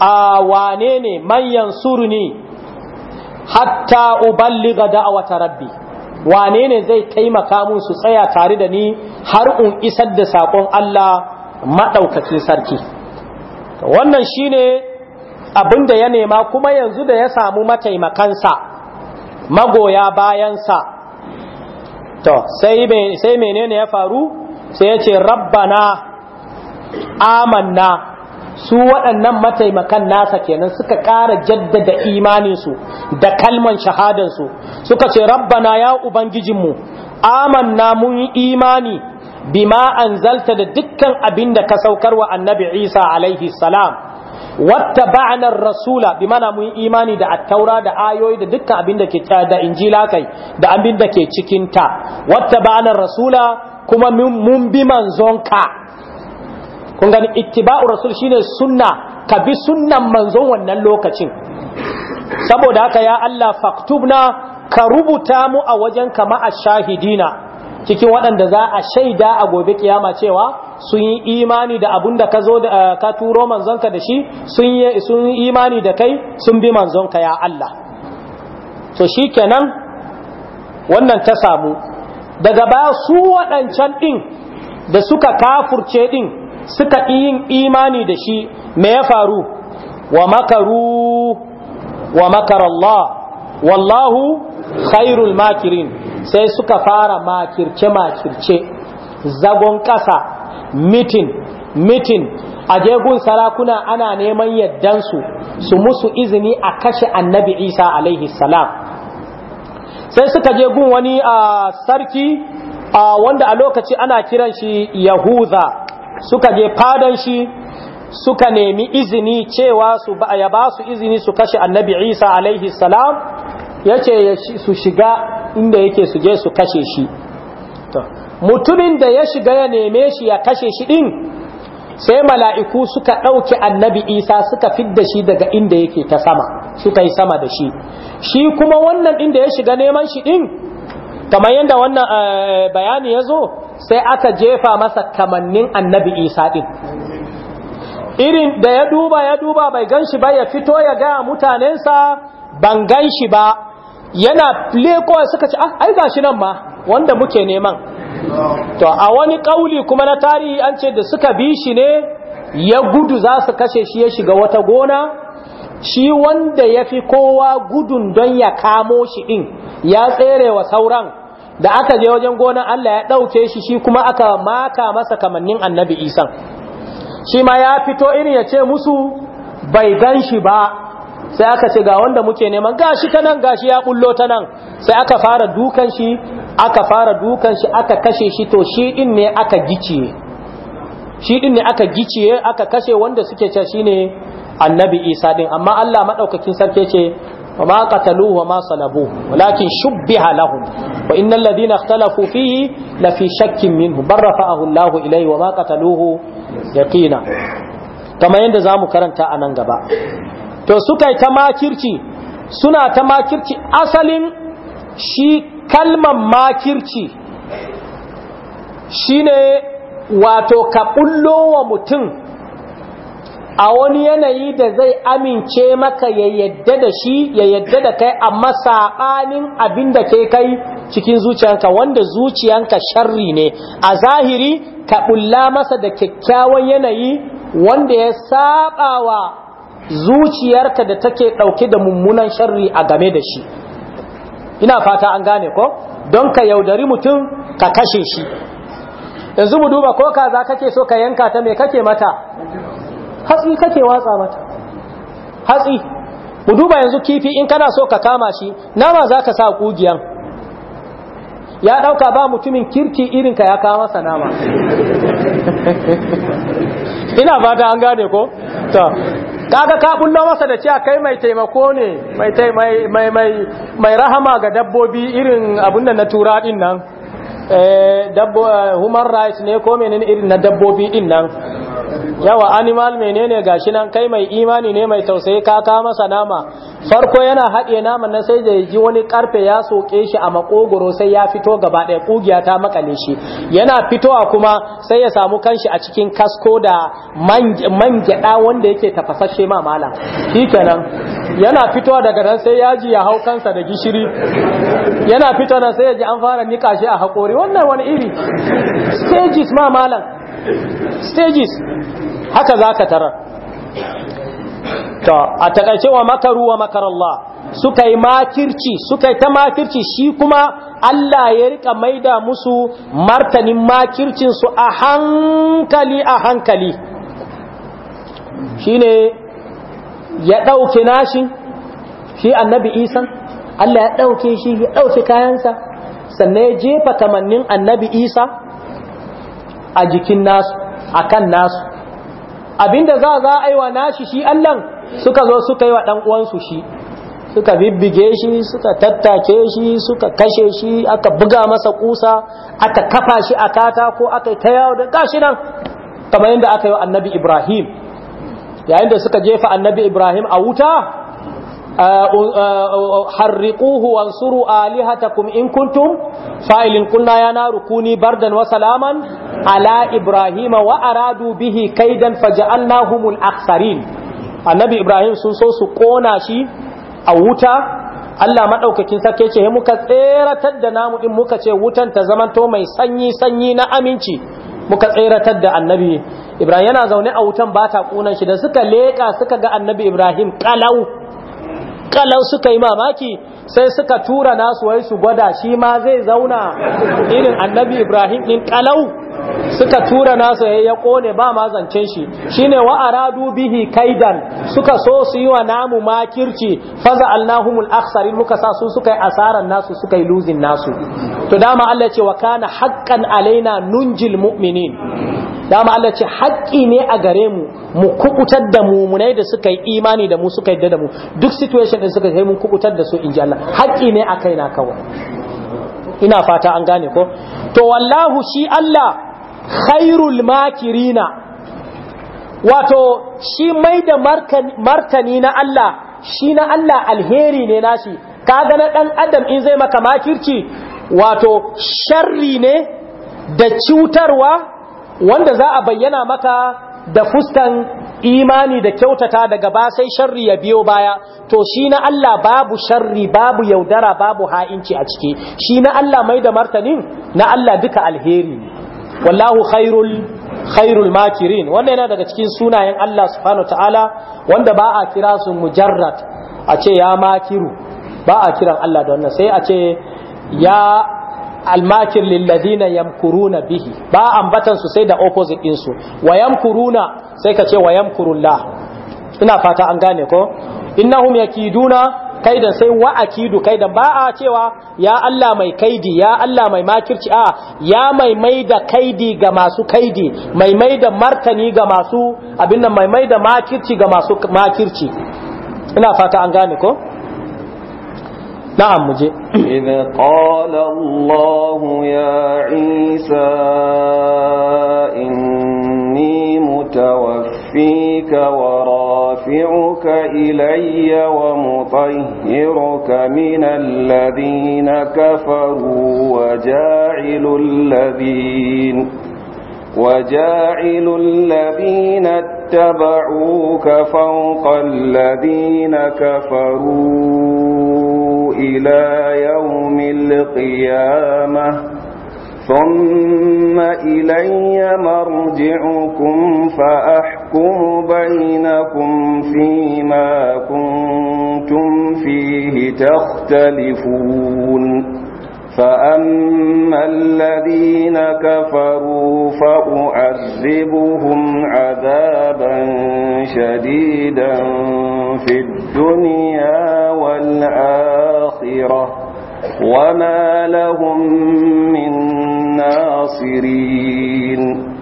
a wane ne manyan suruni hatta ga da'awata rabbi wane ne zai taimaka mun su tsaya tare da ni har in isar da saƙon Allah maɗaukakin sarki wannan shine abin da ya nema kuma yanzu da ya samu mataimakansa magoya bayansa to sai menene ya faru sai ya ce rabbana amanna su waɗannan mataimakan nasa kenan suka ƙara jaddada imaninsu da kalman shahadansu suka ce rabbana ya ubangijinmu amanna mun yi imani bima zalta da dukkan abin da ka saukar wa annabi isa alaihi salam wata ba'anar rasula bi mana mun imani da attaura da ayoyi da dukkan abin da ke da injila kai da abin da ke cikinta wata ba'anar rasula kuma mun bi manzonka kun gani ittiba'u rasul shine sunna ka bi sunnan manzon wannan lokacin saboda haka ya Allah faktubna ka rubuta mu a wajen kama a shahidina cikin waɗanda za a shaida a gobe kiyama cewa sun yi imani da abun da ka zo eh, ka turo manzonka da shi sun yi imani da kai sun bi manzonka ya Allah to shi kenan wannan ta samu daga baya su waɗancan ɗin da suka kafurce ɗin suka yin imani da shi me ya faru wa makaru wa makarallah wallahu khairul makirin sai suka fara makirce-makirce zagon ƙasa mitin mitin a jegun sarakuna ana neman yaddansu su musu izini a kashe annabi isa alaihi salam sai suka je gun wani a sarki a wanda a lokaci ana kiran shi yahuza suka je fadan shi suka nemi izini cewa su ya ba su izini su kashe annabi isa alaihi salam ya ce su shiga inda yake su je su kashe shi mutumin da ya shiga ya neme shi ya kashe shi din sai mala'iku suka ɗauki annabi isa suka fidda shi daga inda yake ta sama suka yi sama da shi shi kuma wannan inda ya shiga neman shi din kamar yadda wannan eh, bayani ya zo sai aka jefa masa kamannin annabi isa din irin da ya duba ya duba bai gan shi ba ya fito ya gaya mutanensa ban gan shi ba yana lekowa suka ce ah ai gashi nan ma wanda muke neman to a wani kauli kuma na tarihi an ce da suka bi shi ne ya gudu za su kashe shi ya shiga wata gona shi wanda ya fi kowa gudun don ya kamo shi din ya tsere wa sauran da aka je wajen gonan Allah ya ɗauke shi shi kuma aka maka masa kamannin annabi isan shi ma ya fito irin ya ce musu bai gan shi ba sai aka ce ga wanda muke neman gashi ta nan gashi ya bullo ta nan sai aka fara dukan shi aka fara dukan shi aka kashe shi to shi din ne aka giciye shi din ne aka giciye aka kashe wanda suke ce shine annabi isa din amma Allah madaukakin sarki ce wa ma qataluhu wa ma salabu walakin shubbiha lahum wa innal ladina ikhtalafu fihi la fi shakkin minhu barrafa'ahu Allahu ilayhi wa ma qataluhu yaqina kamar yadda zamu karanta a nan gaba to suka yi ta makirci suna ta makirci asalin shi kalman makirci shi ne wato ka ɓullo wa mutum a wani yanayi da zai amince maka ya yadda da shi ya yadda da kai amma saɓanin abin da ke kai cikin zuciyanka wanda zuciyanka sharri ne a zahiri ka ɓulla masa da kyakkyawan yanayi wanda ya saɓawa zuciyarka da take ɗauke da mummunan sharri a game da shi ina fata an gane ko don ka yaudari mutum ka kashe shi yanzu mu duba ko kaza kake so ka yanka ta me kake mata hatsi kake watsa mata hatsi mu duba yanzu kifi in kana so ka kama shi nama zaka sa kugiyan ya ɗauka ba mutumin kirki irinka ya kawo masa nama ina fata an gane ko to kaga ka bullo masa da cewa kai mai taimako ne mai mai mai mai rahama ga dabbobi irin abun nan na tura din nan eh dabbo eh, human rights ne ko menene irin na dabbobi din nan yawa animal menene gashi nan kai mai imani ne mai tausayi ka ka masa nama farko yana haɗe nama na sai da ji wani karfe ya soke shi a makogoro sai ya fito gaba ɗaya kugiya ta makale shi yana fitowa kuma sai ya samu kanshi a cikin kasko da man gyaɗa wanda yake tafasashe ma malam shikenan yana fitowa daga nan sai yaji ya hau kansa da gishiri yana fitowa nan sai ya ji an fara nika shi a hakori. wannan wani iri stages ma malam stages haka za ka tarar to a takaice wa makaru wa makar Allah suka yi makirci suka yi ta makirci shi kuma Allah ya rika maida musu martanin makircinsu a hankali a hankali Shi ne ya ɗauke nashi shi annabi isan Allah ya ɗauke shi ya ɗauke kayansa sannan ya jefa kamannin annabi isa a jikin nasu a kan nasu abinda za za a yi wa nashi shi Allah suka zo suka yi wa ɗan’uwansu uwansu shi suka bibbige shi suka tattake shi suka kashe shi aka buga masa kusa aka kafa shi a katako aka ta yawo da kashi nan kamar yadda aka yi wa annabi Ibrahim yayin da suka jefa annabi Ibrahim a wuta harriquhu wansuru alihatakum in kuntum fa'ilin kunna ya naru kuni bardan wa salaman ala ibrahima wa aradu bihi kaidan faja'alnahumul aktharin annabi ibrahim sun so su kona shi a wuta Allah maɗaukakin sarki ce muka tseratar da namu ɗin muka ce wutan ta zamanto mai sanyi-sanyi na aminci muka tseratar da annabi Ibrahim yana zaune a wutan ba ta shi da suka leƙa suka ga annabi Ibrahim ƙalau kalau suka yi mamaki sai suka tura nasu wai su gwada shi ma zai zauna irin annabi ibrahim din kalau suka tura nasu ya ya kone ba ma zancen shi shine wa aradu bihi kaidan suka so su yi wa namu makirci faza allahumul akhsarin muka sa su suka yi asaran nasu suka yi luzin nasu to dama Allah ce wa kana haqqan alaina nunjil mu'minin dama Allah ce haƙƙi ne a gare mu mu kubutar da mumunai da suka yi imani da mu suka yadda da mu duk situation din suka yi mun kubutar da su inji Allah haƙƙi ne a kaina kawai ina fata an gane ko to wallahu shi Allah khairul makirina wato shi mai da martani na Allah shi na Allah alheri ne nashi kaga na dan adam in zai maka makirci wato sharri ne da cutarwa wanda za a bayyana maka da fuskan imani da kyautata daga ba sai sharri ya biyo baya to shi na Allah babu sharri babu yaudara babu ha'inci a ciki shi na Allah mai da martanin na Allah duka alheri wallahu khairul khairul makirin wannan yana daga cikin sunayen Allah subhanahu ta'ala wanda ba a kira su mujarrad a ce ya makiru ba a kiran Allah da wannan sai a ce ya almakir lilladina yamkuruna bihi ba ambatan su sai da opposite din su wa yamkuruna sai ka ce wa yamkurullah ina fata an gane ko innahum yakiduna kaidan sai wa akidu kaidan ba a cewa ya Allah mai kaidi ya Allah mai makirci a ya mai da kaidi ga masu kaidi mai da martani ga masu abin nan mai da makirci ga masu makirci ina fata an gane ko نعم مجھے اذا قال الله يا عيسى اني متوفيك ورافعك إلي ومطهرك من الذين كفروا وجاعل الذين وجاعل الذين اتبعوك فوق الذين كفروا إلى يوم القيامة ثم إلي مرجعكم فأحكم بينكم فيما كنتم فيه تختلفون فأما الذين كفروا فأعذبهم عذابا شديدا في الدنيا والآخرة وما لهم من ناصرين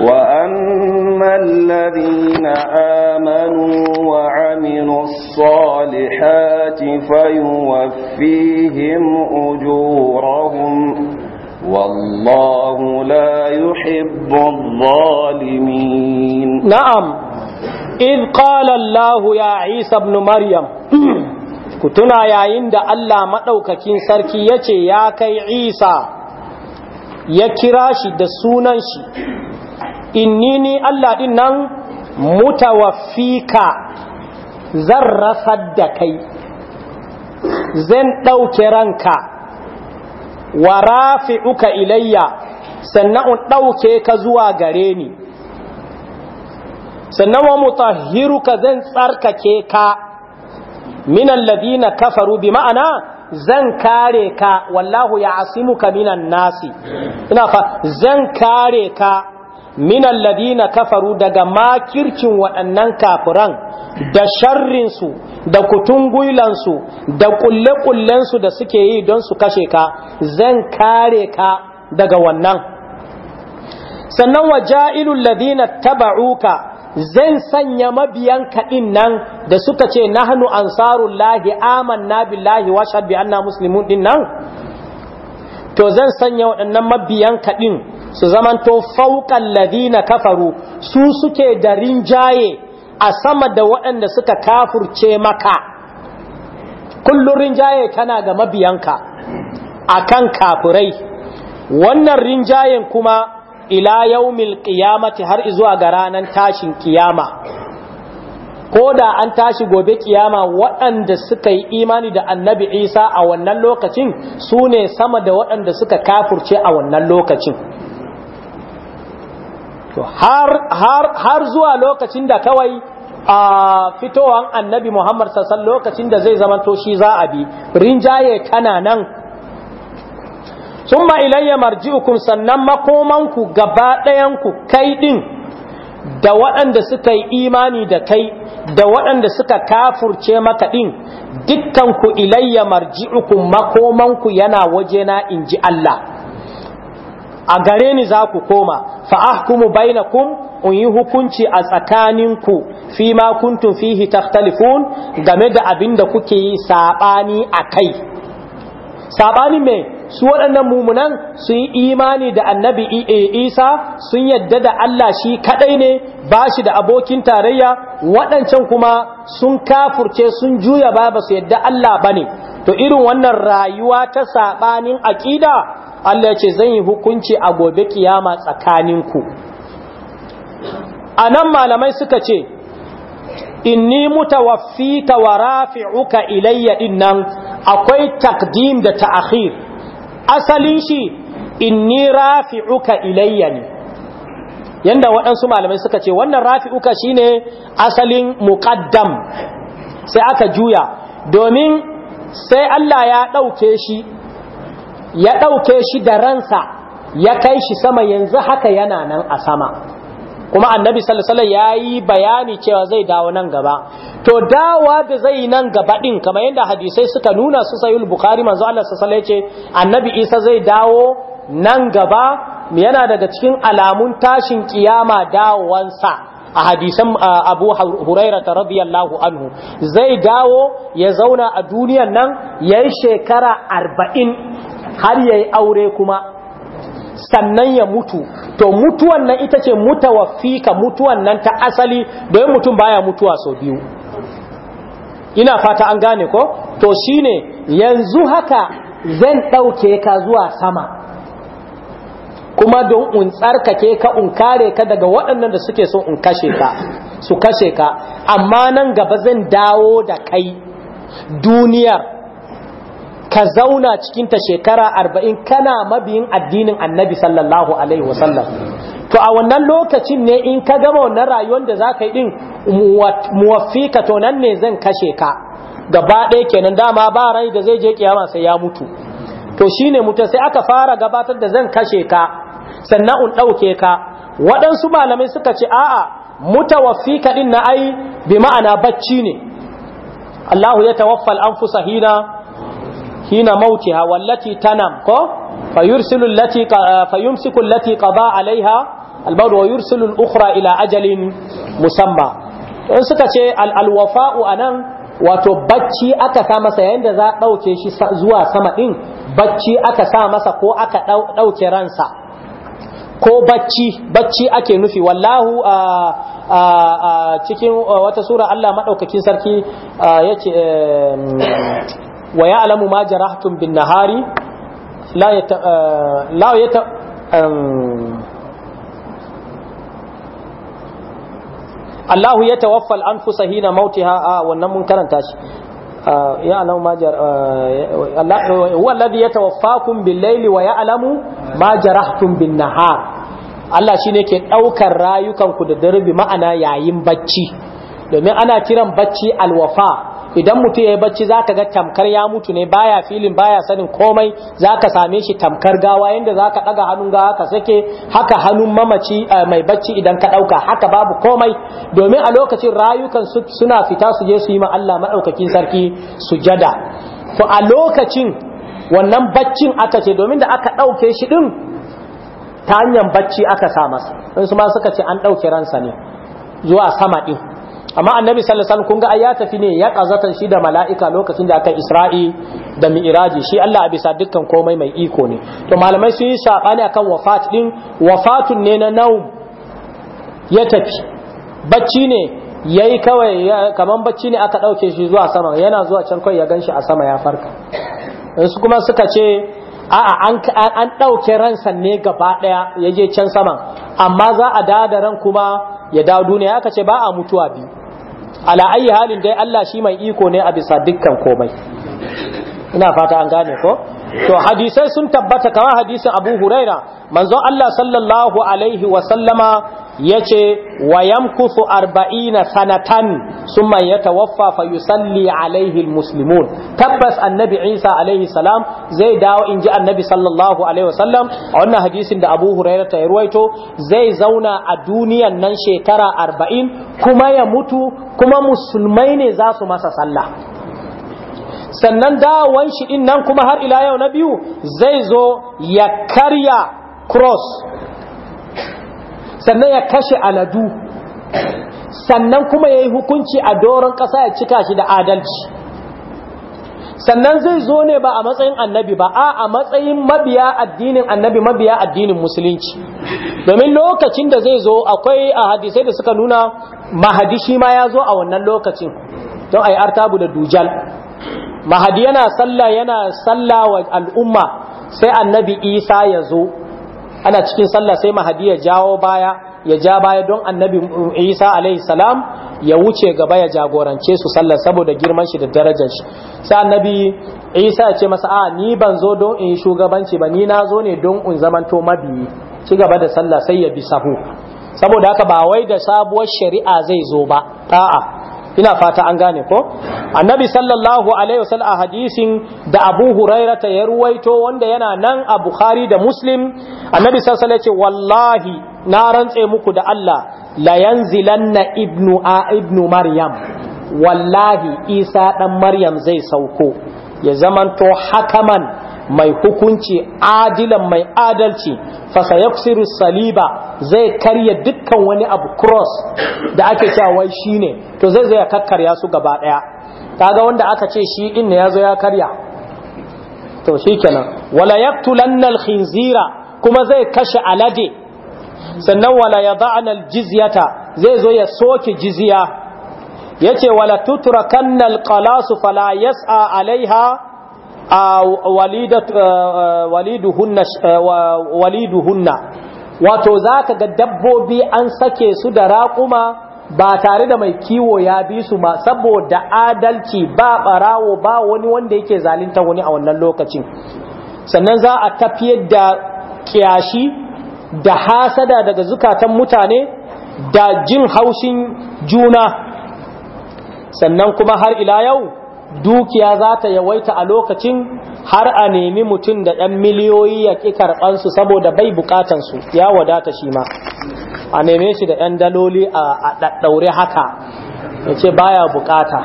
وأما الذين آمنوا وعملوا الصالحات فيوفيهم أجورهم والله لا يحب الظالمين نعم إذ قال الله يا عيسى ابن مريم كتنا يا عند الله مدوك كين سركي يتي يا كي عيسى يا كراشي دسونانشي إنني الله إنن متوفيك زر صدكي زن دوك رنك ورافعك إلي سنعن دوك كزوا غريني sannan wa ka zan tsarkake ka minan ladina kafaru bi ma'ana zan kare ka wallahu ya asimuka minan nasi ina fa zan kare ka minan ladina kafaru daga makircin waɗannan kafiran da sharrinsu da kutungulansu da ƙulle-ƙullensu da suke yi don su kashe ka zan kare ka daga wannan sannan wa ja'ilul ladina taba'uka zan sanya mabiyan kaɗin nan da suka ce nahnu ansarullahi amanna billahi wa shahadu bi anna muslimun din nan to zan sanya waɗannan mabiyan kaɗin su zamanto fauqal ladina kafaru su suke da rinjaye a sama da waɗanda suka kafurce maka kullun rinjaye kana ga mabiyanka akan kafurai wannan rinjayen kuma ila yaumil qiyamati har izuwa ga ranan tashin kiyama ko da an tashi gobe kiyama waɗanda suka yi imani da annabi isa a wannan lokacin su ne sama da waɗanda suka kafurce a wannan lokacin har, zuwa lokacin da kawai a fitowan annabi muhammad sassan lokacin da zai zamanto shi za a bi rinjaye kananan summa ilayya marji'ukum sannan makomanku gaba ɗayanku kai ɗin da waɗanda suka yi imani da kai da waɗanda suka kafurce maka ɗin dukkanku ilayya marji'ukum makomanku yana wajena in ji Allah a gare ni za ku koma fa'ahkumu bainakum in yi hukunci a tsakaninku fi ma kuntum fihi takhtalifun game da abin da kuke yi saɓani akai. kai saɓani mai su waɗannan mummunan sun yi imani da annabi eh, isa sun yadda da Allah shi kaɗai ne ba shi da abokin tarayya waɗancan kuma sun kafurce sun juya ba ba su yadda Allah ba ne to irin wannan rayuwa ta saɓanin aƙida Allah ce zan yi hukunci a gobe kiyama tsakaninku a nan malamai suka ce inni mutawaffika wa rafi'uka ilayya dinnan akwai takdim da ta'akhir. asalin shi inni rafi'uka ilayya ne yanda waɗansu malamai suka ce wannan rafi'uka shine asalin muƙaddam sai aka juya domin sai Allah ya ɗauke shi ya ɗauke shi da ransa ya kai shi sama yanzu haka yana nan a sama kuma annabi sallallahu yayi bayani cewa zai dawo nan gaba to dawa da zai nan gaba din kamar yadda hadisai suka nuna su sayul bukhari manzo Allah sallallahu alaihi ce annabi isa zai dawo nan gaba yana daga cikin alamun tashin kiyama dawowansa a hadisan abu huraira ta radiyallahu anhu zai dawo ya zauna a duniyan nan ya yi shekara arba'in har ya yi aure kuma sannan ya mutu to mutuwan nan ita ce mutawaffika mutuwan nan ta asali don mutum baya mutuwa sau biyu ina fata an gane ko to shine yanzu haka zan ɗauke ka zuwa sama kuma don in tsarkake ka in kare ka daga waɗannan da suke so in kashe ka su kashe ka amma nan gaba zan dawo da kai duniyar ka zauna cikinta shekara arba'in kana mabiyin addinin annabi sallallahu alaihi wasallam to a wannan lokacin ne in ka gama wannan rayuwar da za ka yi ɗin muwafika to nan ne zan kashe ka gaba ɗaya kenan dama ba rai da zai je kiyama sai ya mutu to shi ne mutum sai aka fara gabatar da zan kashe ka sannan in ɗauke ka waɗansu malamai suka ce a'a ka ɗin na ai bi ma'ana bacci ne Allahu ya tawaffal anfusa hina hina mautiha wallati tanam ko fayursilu allati fayumsiku allati qada alaiha albar wa yursilu al-ukhra ila ajalin musamma in suka ce al-alwafa'u anan wato bacci aka sa masa yayin da za dauke shi zuwa sama din bacci aka sa masa ko aka dauke ransa ko bacci bacci ake nufi wallahu a cikin wata sura Allah madaukakin sarki yace wa ya'lamu ma jarahtum bin nahari la yata eh, la yata Allahu ya tawaffal an fusa hina mautiha a wannan mun karanta shi eh, ya alamu ma eh, allah huwa alladhi yatawaffakum bil layli wa ya'lamu ma jarahtum bin nahar Allah shine ke daukar rayukan ku da dare bi ma'ana yayin bacci domin ana kiran bacci alwafa idan mutum ya yi bacci za ka ga tamkar ya mutu ne baya filin baya sanin komai za ka same shi tamkar gawa yadda za ka ɗaga hannun gawa ka sake haka hannun mamaci eh, mai bacci idan ka ɗauka haka babu komai domin a lokacin rayukan suna fita su je su yi ma Allah maɗaukakin sarki sujada to a lokacin wannan baccin aka ce domin da aka ɗauke shi ɗin ta hanyar bacci aka sa masa su ma suka ce an ɗauke ransa ne zuwa sama ɗin amma annabi sallallahu alaihi wasallam kun ga ya tafi ne ya kazatan shi da mala'ika lokacin da aka isra'i da mi'raji shi Allah a bisa dukkan komai mai iko ne to malamai sun yi sabani akan wafat din wafatun ne na nau ya tafi bacci ne yayi kawai kaman bacci ne aka dauke shi zuwa sama yana zuwa can kai ya ganshi a sama ya farka su kuma suka ce a'a an dauke ransa ne gaba daya yaje can sama amma za a da ran kuma ya dawo duniya aka ce ba a mutuwa biyu ala ayi halin dai Allah shi mai iko ne a bisa dukkan komai ina fata an gane ko to hadisai sun tabbata kamar hadisin Abu Huraira manzo Allah sallallahu alaihi wa sallama ya ce wa yamkusu arba'ina sanatan summa ya tawaffa fa yusalli alaihi muslimun tabbas annabi isa alaihi salam zai dawo in ji annabi sallallahu alaihi wasallam a wannan hadisin da abu Huraira ta ruwaito zai zauna a duniyan nan shekara arba'in kuma ya mutu kuma musulmai ne za su masa sallah sannan dawon shi din nan kuma har ila yau na biyu zai zo ya karya cross sannan ya kashe aladu sannan kuma ya yi hukunci a doron ƙasa ya cika shi da adalci sannan zai zo ne ba a matsayin annabi ba a a matsayin mabiya addinin annabi mabiya addinin musulunci domin lokacin da zai zo akwai a hadisai da suka nuna mahadi shi ma ya zo a wannan lokacin don a yi artabu da dujal mahadi yana sallah yana sallah wa al'umma sai annabi isa ya zo ana cikin sallah sai mahadi ya jawo baya ya ja baya don annabi isa alaihi salam ya wuce gaba ya jagorance su sallah saboda girman shi da darajar shi sai annabi isa ya ce masa a ni ban zo don in shugabanci ba ni na zo ne don in zamanto mabiyi ci gaba da sallah sai ya bi sahu saboda haka ba wai da sabuwar shari'a zai zo ba a'a ina fata an gane ko annabi sallallahu alaihi wasallam hadisin da abu hurairata ya ruwaito wanda yana nan a bukhari da muslim annabi sallallahu alaihi ce wallahi na rantse muku da allah la yanzilanna ibnu a ibnu maryam wallahi isa dan maryam zai sauko ya zamanto hakaman mai hukunci adilan mai adalci fasayafsiru saliba zai karya dukkan wani abu cross da ake cewa wai shine to zai zai kakkarya su gaba daya kaga wanda aka ce shi din ne yazo ya karya to shikenan wala yaqtulanna al kuma zai kashe alade sannan wala yada'na al zai zo ya soke jizya yace wala tutrakanna al-qalasu fala yas'a alaiha waliduhunna wato za ka ga dabbobi an sake su da raƙuma ba tare da mai kiwo ya bi su ma saboda adalci ba ɓarawo ba wani wanda yake zalinta wani a wannan lokacin sannan za a tafiyar da kiyashi da hasada daga zukatan mutane da jin haushin juna sannan kuma har ila yau dukiya za ta yawaita a lokacin har a nemi mutum da ɗan miliyoyi ya ƙi karɓansu saboda bai buƙatansu, ya wadata shi ma a neme shi da ɗan daloli a ɗaɗɗaure haka ya ce baya buƙata.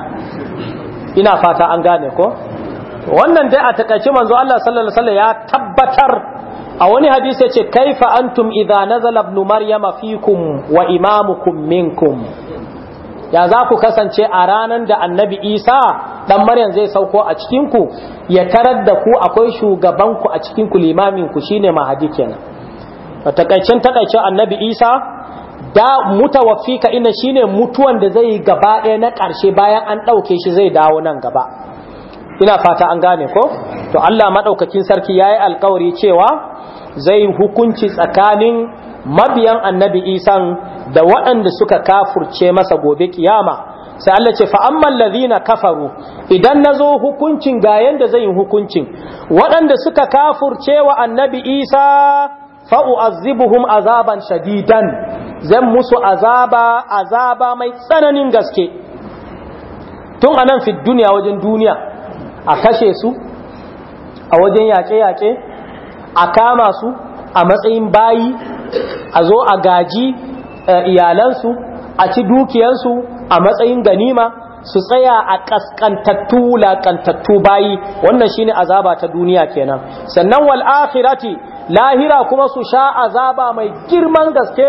ina fata an gane ko wannan dai a takaice manzo Allah sallallahu alaihi ya tabbatar a wani hadisi ce kaifa antum idza nazala ibn maryama fikum wa imamukum minkum ya za ku kasance a ranar da annabi isa dan maryam zai sauko a cikinku ya tarar da ku akwai shugabanku a cikinku limaminku shine mahadi kenan a takaicin takaicen annabi isa da mutawaffika ina shine mutuwan da zai gaba ɗaya na ƙarshe bayan an ɗauke shi zai dawo nan gaba ina fata an gane ko to allah maɗaukakin sarki ya yi alkawari cewa zai hukunci tsakanin mabiyan annabi Isa da waɗanda suka kafurce masa gobe kiyama sai Allah ce fa'amman lazina kafaru idan na zo hukuncin ga yadda zai yi hukuncin waɗanda suka kafurce wa annabi isa fa'u'azzibuhum azaban shadidan zan musu azaba azaba mai tsananin gaske tun anan fi duniya wajen duniya a kashe su a wajen yaƙe-yaƙe a kama su a matsayin bayi a zo a gaji eh, iyalansu a ci dukiyansu a matsayin ganima su tsaya a kaskantattu lakantattu bayi wannan shi ne azaba ta duniya kenan sannan wal'afirati lahira kuma su sha azaba mai girman gaske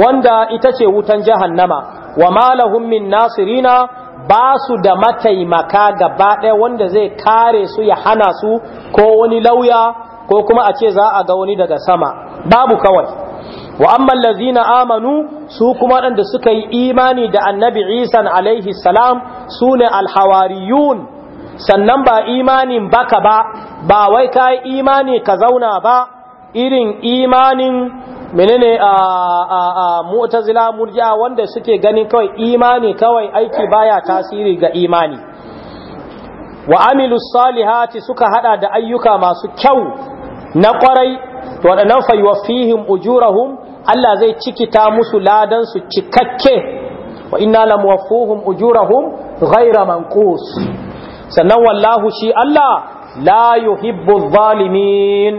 wanda ita ce wutan jahannama wa malahun min nasirina ba su da mataimaka gaba ɗaya wanda zai kare su ya hana su ko wani lauya ko kuma a ce za a ga wani daga sama babu kawai wa amman lazina amanu su kuma waɗanda suka yi imani da annabi isan alaihi salam su ne alhawariyun sannan ba imanin baka ba ba wai ka yi imani ka zauna ba irin imanin menene a a a mu'tazila murji'a wanda suke ganin kawai imani kawai aiki baya tasiri ga imani wa amilus salihati suka hada da ayyuka masu kyau na kwarai to waɗannan fa yuwaffihim ujurahum Allah zai cikita musu ladan su cikakke wa inna la muwaffuhum ujurahum ghayra manqus sannan wallahu shi Allah la yuhibbu zalimin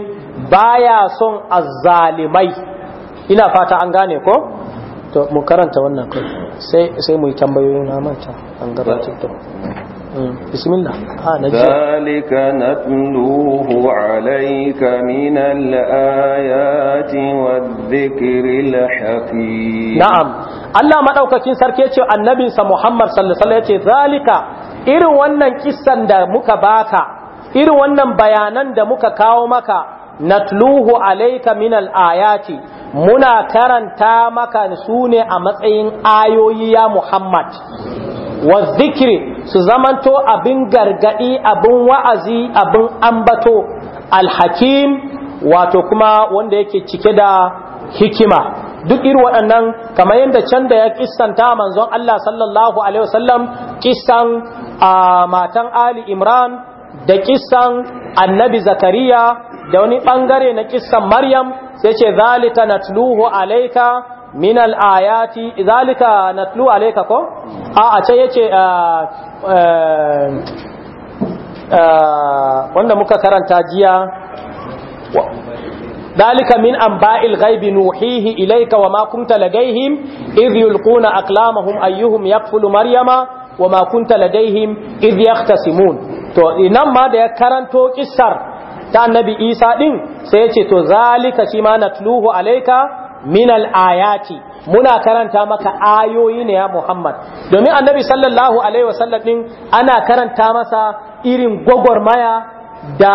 baya son azzalimai ina fata an gane ko to mu karanta wannan kai sai sai mu yi tambayoyi na manta an gabatar da بسم الله ذلك نتلوه عليك من الآيات والذكر الحكيم نعم Allah madaukakin sarki ce annabinsa Muhammad sallallahu alaihi wasallam yace zalika irin wannan kissan da muka baka irin wannan bayanan da muka kawo maka natluhu alaika min ayati muna karanta maka su ne a matsayin ayoyi ya Muhammad wa zikri su zamanto abin gargadi abin wa'azi abin ambato alhakim wato kuma wanda yake cike da hikima duk irin waɗannan kamar yadda can da ya kissanta manzon Allah sallallahu alaihi wasallam kissan a ah, matan Ali Imran da kissan annabi zakariya da wani bangare na kissan maryam sai ce zalika natluhu alayka min zalika natlu alayka ko a a ce yace wanda muka karanta jiya ذلك من أنباء الغيب نوحيه إليك وما كنت لديهم إذ يلقون أقلامهم أيهم يقفل مريم وما كنت لديهم إذ يختصمون to nan ma da ya karanto kissar ta annabi isa din sai ya ce to zalika shi ma natluhu alaika min ayati muna karanta maka ayoyi ne ya muhammad domin annabi sallallahu alaihi wasallam din ana karanta masa irin gwagwarmaya da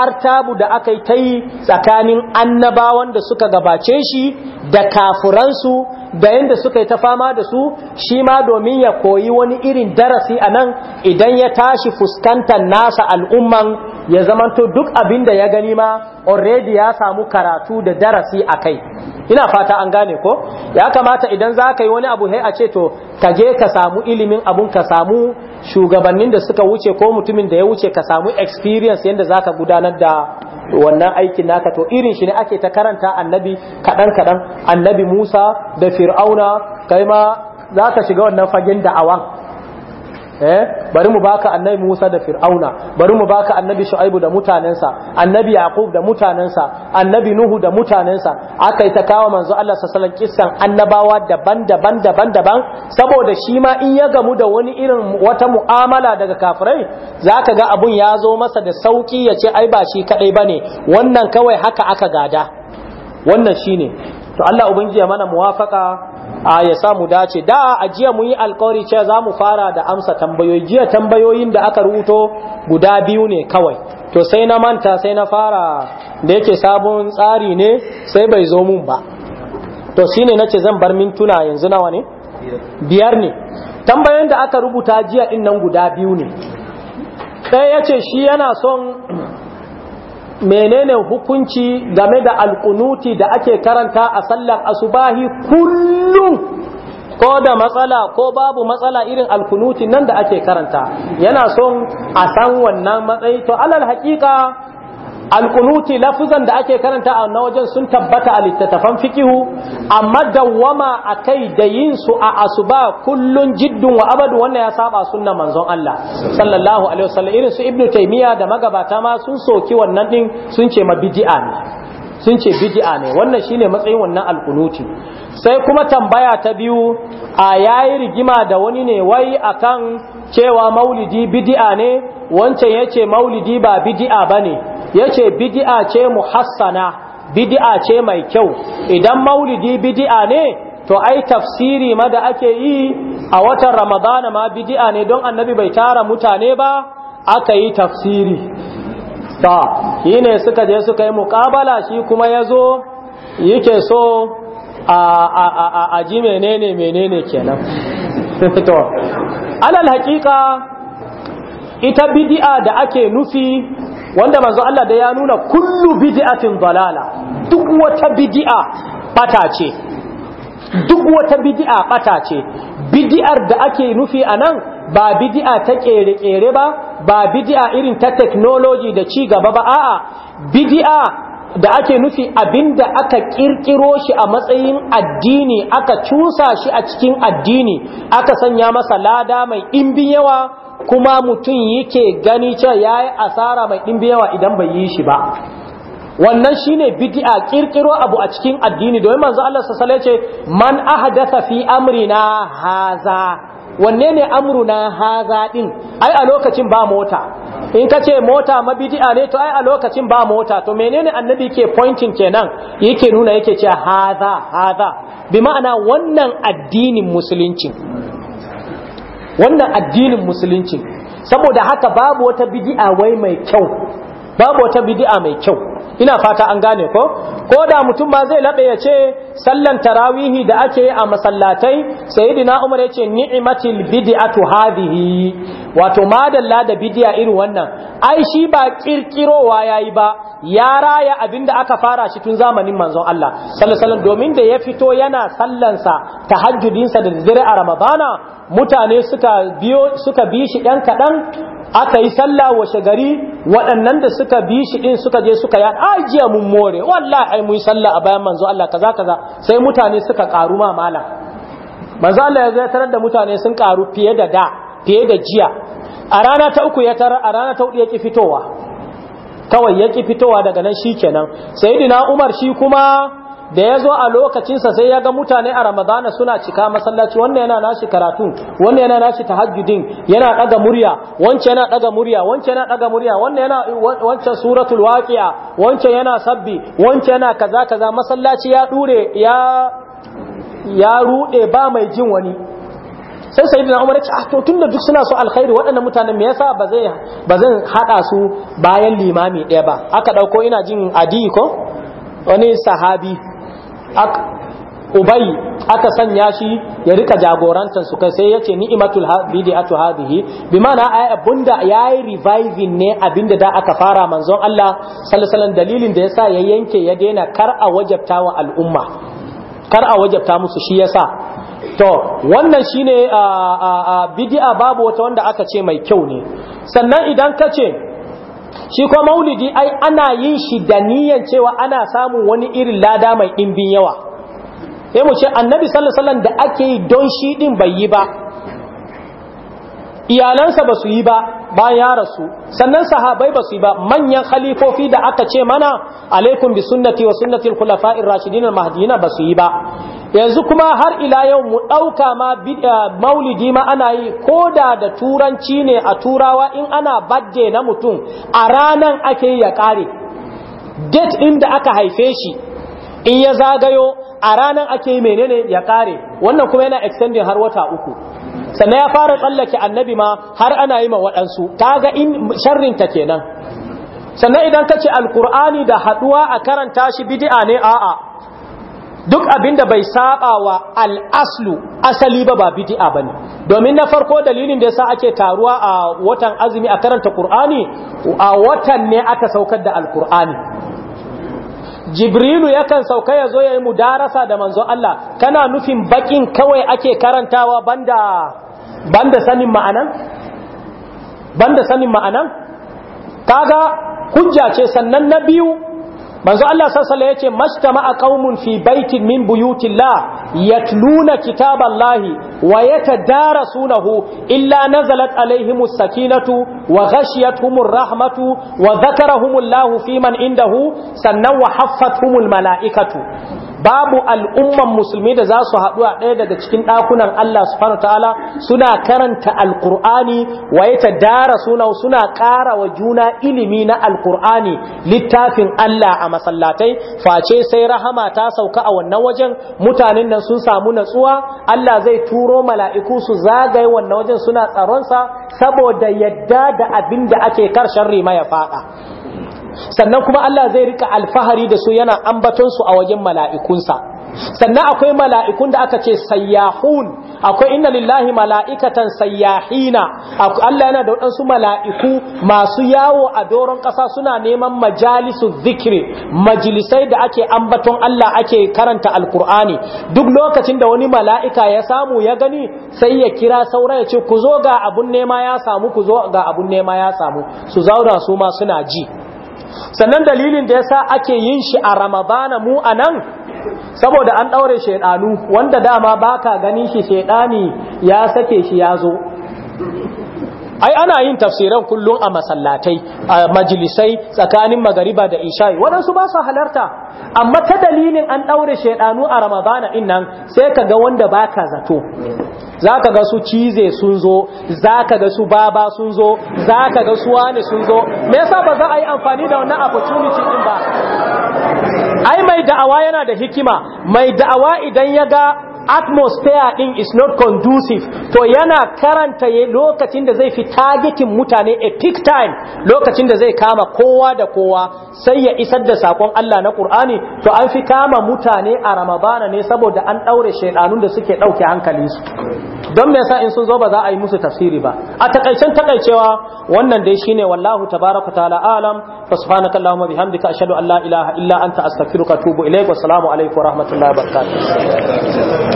artabu da aka yi yi tsakanin annabawan da suka gabace shi da kafuransu da yadda suka yi ta fama da su shi ma domin ya koyi wani irin darasi a nan idan ya tashi fuskantar nasa al'umman ya zamanto duk abin da ya gani ma already ya samu karatu da darasi a kai ina fata an gane ko ya kamata idan za ka yi wani abu hai a ce to ka je ka samu ilimin abun ka samu shugabannin da suka wuce ko mutumin da ya wuce ka samu experience yadda za ka gudanar da wannan aikin naka to irin shi ne ake ta karanta annabi kaɗan kaɗan annabi musa da fir'auna kai ma za ka shiga wannan fagen da'awan eh bari mu baka annabi Musa da Fir'auna bari mu baka annabi Shu'aibu da mutanensa annabi Yaqub da mutanensa annabi Nuhu da mutanensa aka ta kawo manzo Allah sallallahu alaihi wasallam annabawa daban-daban daban-daban saboda shi ma in ya gamu da wani irin wata mu'amala daga kafirai zaka ga abun ya zo masa da sauki ya ce ai ba shi kadai bane wannan kawai haka aka gada wannan shine to Allah ubangiji ya mana muwafaka a ya samu dace da a jiya mu yi alkawari cewa za mu fara da amsa tambayoyi jiya tambayoyin da aka rubuto guda biyu ne kawai to sai na manta sai na fara da yake sabon tsari ne sai bai zo mun ba to shine nace zan bar mintuna yanzu nawa ne biyar ne tambayoyin da aka rubuta jiya dinnan nan guda biyu ne ɗaya yace shi yana son menene hukunci game da alkunuti da ake karanta a sallar asubahi kullum ko da matsala ko babu matsala irin alkunuti nan da ake karanta yana son a san wannan matsayi to alal haƙiƙa alƙunuti lafuzan da ake karanta a na wajen sun tabbata a littattafan fikihu amma dawwama a kai da yin su a asuba kullun jiddun wa abadu wannan ya saba sunna manzon Allah sallallahu alaihi wasallam irin su ibnu taymiya da magabata ma sun soki wannan din sun ce ma bid'a ne sun ce bid'a ne wannan shine matsayin wannan alƙunuti sai kuma tambaya ta biyu a yayi rigima da wani ne wai akan cewa maulidi bidi'a ne wancan yace maulidi ba bidi'a bane yace bidi'a ce muhassana bidi'a ce mai kyau idan maulidi bidi'a ne to ai tafsiri ma da ake yi a watan ramadana ma bidi'a ne don annabi bai tara mutane ba aka yi tafsiri ta yi ne suka je suka yi muƙabala shi kuma ya zo yake so a ji menene menene kenan to alal haƙiƙa ita bid'a da ake nufi wanda manzo Allah da ya nuna kullu bid'atin dalala duk wata bid'a bata ce duk wata bid'a ɓata ce bid'ar da ake nufi anan ba bid'a ta kere-kere ba ba bid'a irin ta technology da ci gaba ba a'a bid'a da ake nufi abinda aka kirkiro shi a matsayin addini aka cusa shi a cikin addini aka sanya masa lada mai ɗimbin yawa kuma mutum yake gani cewa ya yi asara mai ɗimbin yawa idan bai yi shi ba wannan shi shine bidi'a kirkiro abu a cikin addini domin manzo Allah sallallahu ce man ahdatha fi amrina haza wanne ne amruna haza din ai a lokacin ba mota in ka ce mota mabidi'a ne to ai a lokacin ba mota to menene annabi ke pointing kenan yake nuna yake cewa haza haza bi ma'ana wannan addinin musulunci wannan addinin musulunci saboda haka babu wata bidi'a wai mai kyau babu wata bidi'a mai kyau ina fata an gane ko ko da mutum ba zai labe ya ce sallan tarawihi da ake yi a masallatai sayyidina umar yace ce ni'matil bid'atu hadhihi wato madalla da bid'a irin wannan ai shi ba kirkirowa yayi ba ya raya abinda aka fara shi tun zamanin manzon Allah sallallahu alaihi wasallam domin da ya fito yana sallansa tahajjudinsa da dare a ramadana mutane suka biyo suka bi shi ɗan kaɗan aka yi sallah washe gari waɗannan da suka bi shi ɗin suka je suka yi a jiya mun more wallah ai mun sallah a bayan manzo Allah kaza kaza sai mutane suka karu ma malam manzo Allah ya zai tarar da mutane sun karu fiye da da fiye da jiya a rana ta uku ya tarar a rana ta hudu ya ki fitowa kawai ya ki fitowa daga nan shikenan sayyidina Umar shi kuma da ya zo a lokacinsa sai ya ga mutane a ramadana suna cika masallaci wannan yana nashi karatun wannan yana nashi tahajjudin yana daga murya wancan yana daga murya wancan yana daga murya wannan yana wancan suratul waqi'a wancan yana sabbi wancan yana kaza kaza masallaci ya dure ya ya rude ba mai jin wani sai sayyidina umar ya ce ah to tunda duk suna so alkhairi waɗannan mutanen me yasa ba zai ba zan hada su bayan limami ɗaya ba aka dauko ina jin adi ko wani sahabi ubai aka sanya shi ya rika jagorantar su kai sai ya ce ni'imatul bid'atu hadhihi bi ma'ana ay abunda yayi reviving ne abinda da aka fara manzon Allah sallallahu alaihi dalilin da yasa ya yanke ya daina kar a wajabta wa al'umma kar a wajabta musu shi yasa to wannan shine bid'a babu wata wanda aka ce mai kyau ne sannan idan ka ce shi kuma maulidi ai ana yin shi da niyan cewa ana samun wani irin lada mai ɗimbin yawa sai mu ce annabi sallallahu alaihi da ake yi don shi din bai yi ba iyalansa ba su yi ba bayan ya rasu sannan sahabai ba su yi ba manyan khalifofi da aka ce mana alaikum bi sunnati wa sunnati khulafair rashidin al ba su yi ba yanzu kuma har ila yau mu ɗauka ma eh, maulidi ma ana yi ko da da turanci ne a turawa in ana badde na mutum a ranan ake yi ya ƙare date inda aka haife shi in ya zagayo a ranan ake yi menene ya ƙare wannan kuma yana extending har wata uku sannan ya fara tsallake annabi ma har ana yi ma waɗansu kaga in sharrinta kenan sannan idan ka ce alkur'ani da haɗuwa a karanta shi bidi'a ne a'a duk abinda bai saba wa al'aslu asali ba ba bid'a bane domin na farko dalilin da yasa ake taruwa a watan azumi a karanta Qur'ani a watan ne aka saukar da Al-Qur'ani Jibrilu yakan sauka ya zo ya yi mudarasa da manzon Allah kana nufin bakin kawai ake karantawa banda banda sanin ma'anan banda sanin ma'anan kaga hujja ce sannan na biyu manzo Allah sassala ya ce mastama'a qaumun fi baitin min buyutillah yatluna kitaballahi wa yatadarasunahu illa nazalat alaihimus sakinatu wa ghashiyatuhumur rahmatu wa dhakarahumullahu fiman indahu sannan wa haffathumul malaikatu babu al'umman musulmi da za su haɗu a ɗaya daga cikin ɗakunan Allah subhanahu ta'ala suna karanta alkur'ani wa ta dara suna suna ƙara wa juna ilimi na alkur'ani littafin Allah a masallatai face sai rahama ta sauka a wannan wajen mutanen nan sun samu natsuwa Allah zai turo mala'iku su zagaye wannan wajen suna tsaronsa saboda yadda da abin da ake karshen rima ya faɗa sannan kuma Allah zai rika alfahari da su yana ambaton su a wajen mala'ikunsa sannan akwai mala'ikun da aka ce sayyahun akwai inna lillahi mala'ikatan sayyahina Allah yana da waɗansu mala'iku masu yawo a doron ƙasa suna neman majalisu zikiri majalisai da ake ambaton Allah ake karanta alkur'ani duk lokacin da wani mala'ika ya samu ya gani sai ya kira saura ya ce ku zo ga abun nema ya samu ku zo ga abun nema ya samu su zaura su ma suna ji sannan dalilin da yasa ake yin shi a ramadana mu a nan saboda an ɗaure shaidanu wanda dama baka ganin shi shaidani ya sake shi ya zo ai ana yin tafsiran kullum a masallatai a majalisai tsakanin magariba da isha'i waɗansu ba su halarta amma ta dalilin an ɗaure shaidanu a ramadana in nan sai ka ga wanda ba ka zato za ka ga su cize sun zo za ka ga su baba sun zo za ka ga su wani sun zo me yasa ba za a yi amfani da wannan opportunity din ba ai mai da'awa yana da hikima mai da'awa idan ya ga atmosphere din is not conducive to yana karanta lokacin da zai fi targeting mutane a peak time lokacin da zai kama kowa da kowa sai ya isar da sakon Allah na Qur'ani to an fi kama mutane a Ramadana ne saboda an daure shedanun da suke dauke su don me yasa in sun zo ba za a yi musu tafsiri ba a takaicen takaicewa wannan dai shine wallahu tabaaraka taala alam fa subhanakallahumma bihamdika ashhadu an la ilaha illa anta astaghfiruka wa atubu ilaik wa assalamu alaykum wa rahmatullahi wa barakatuh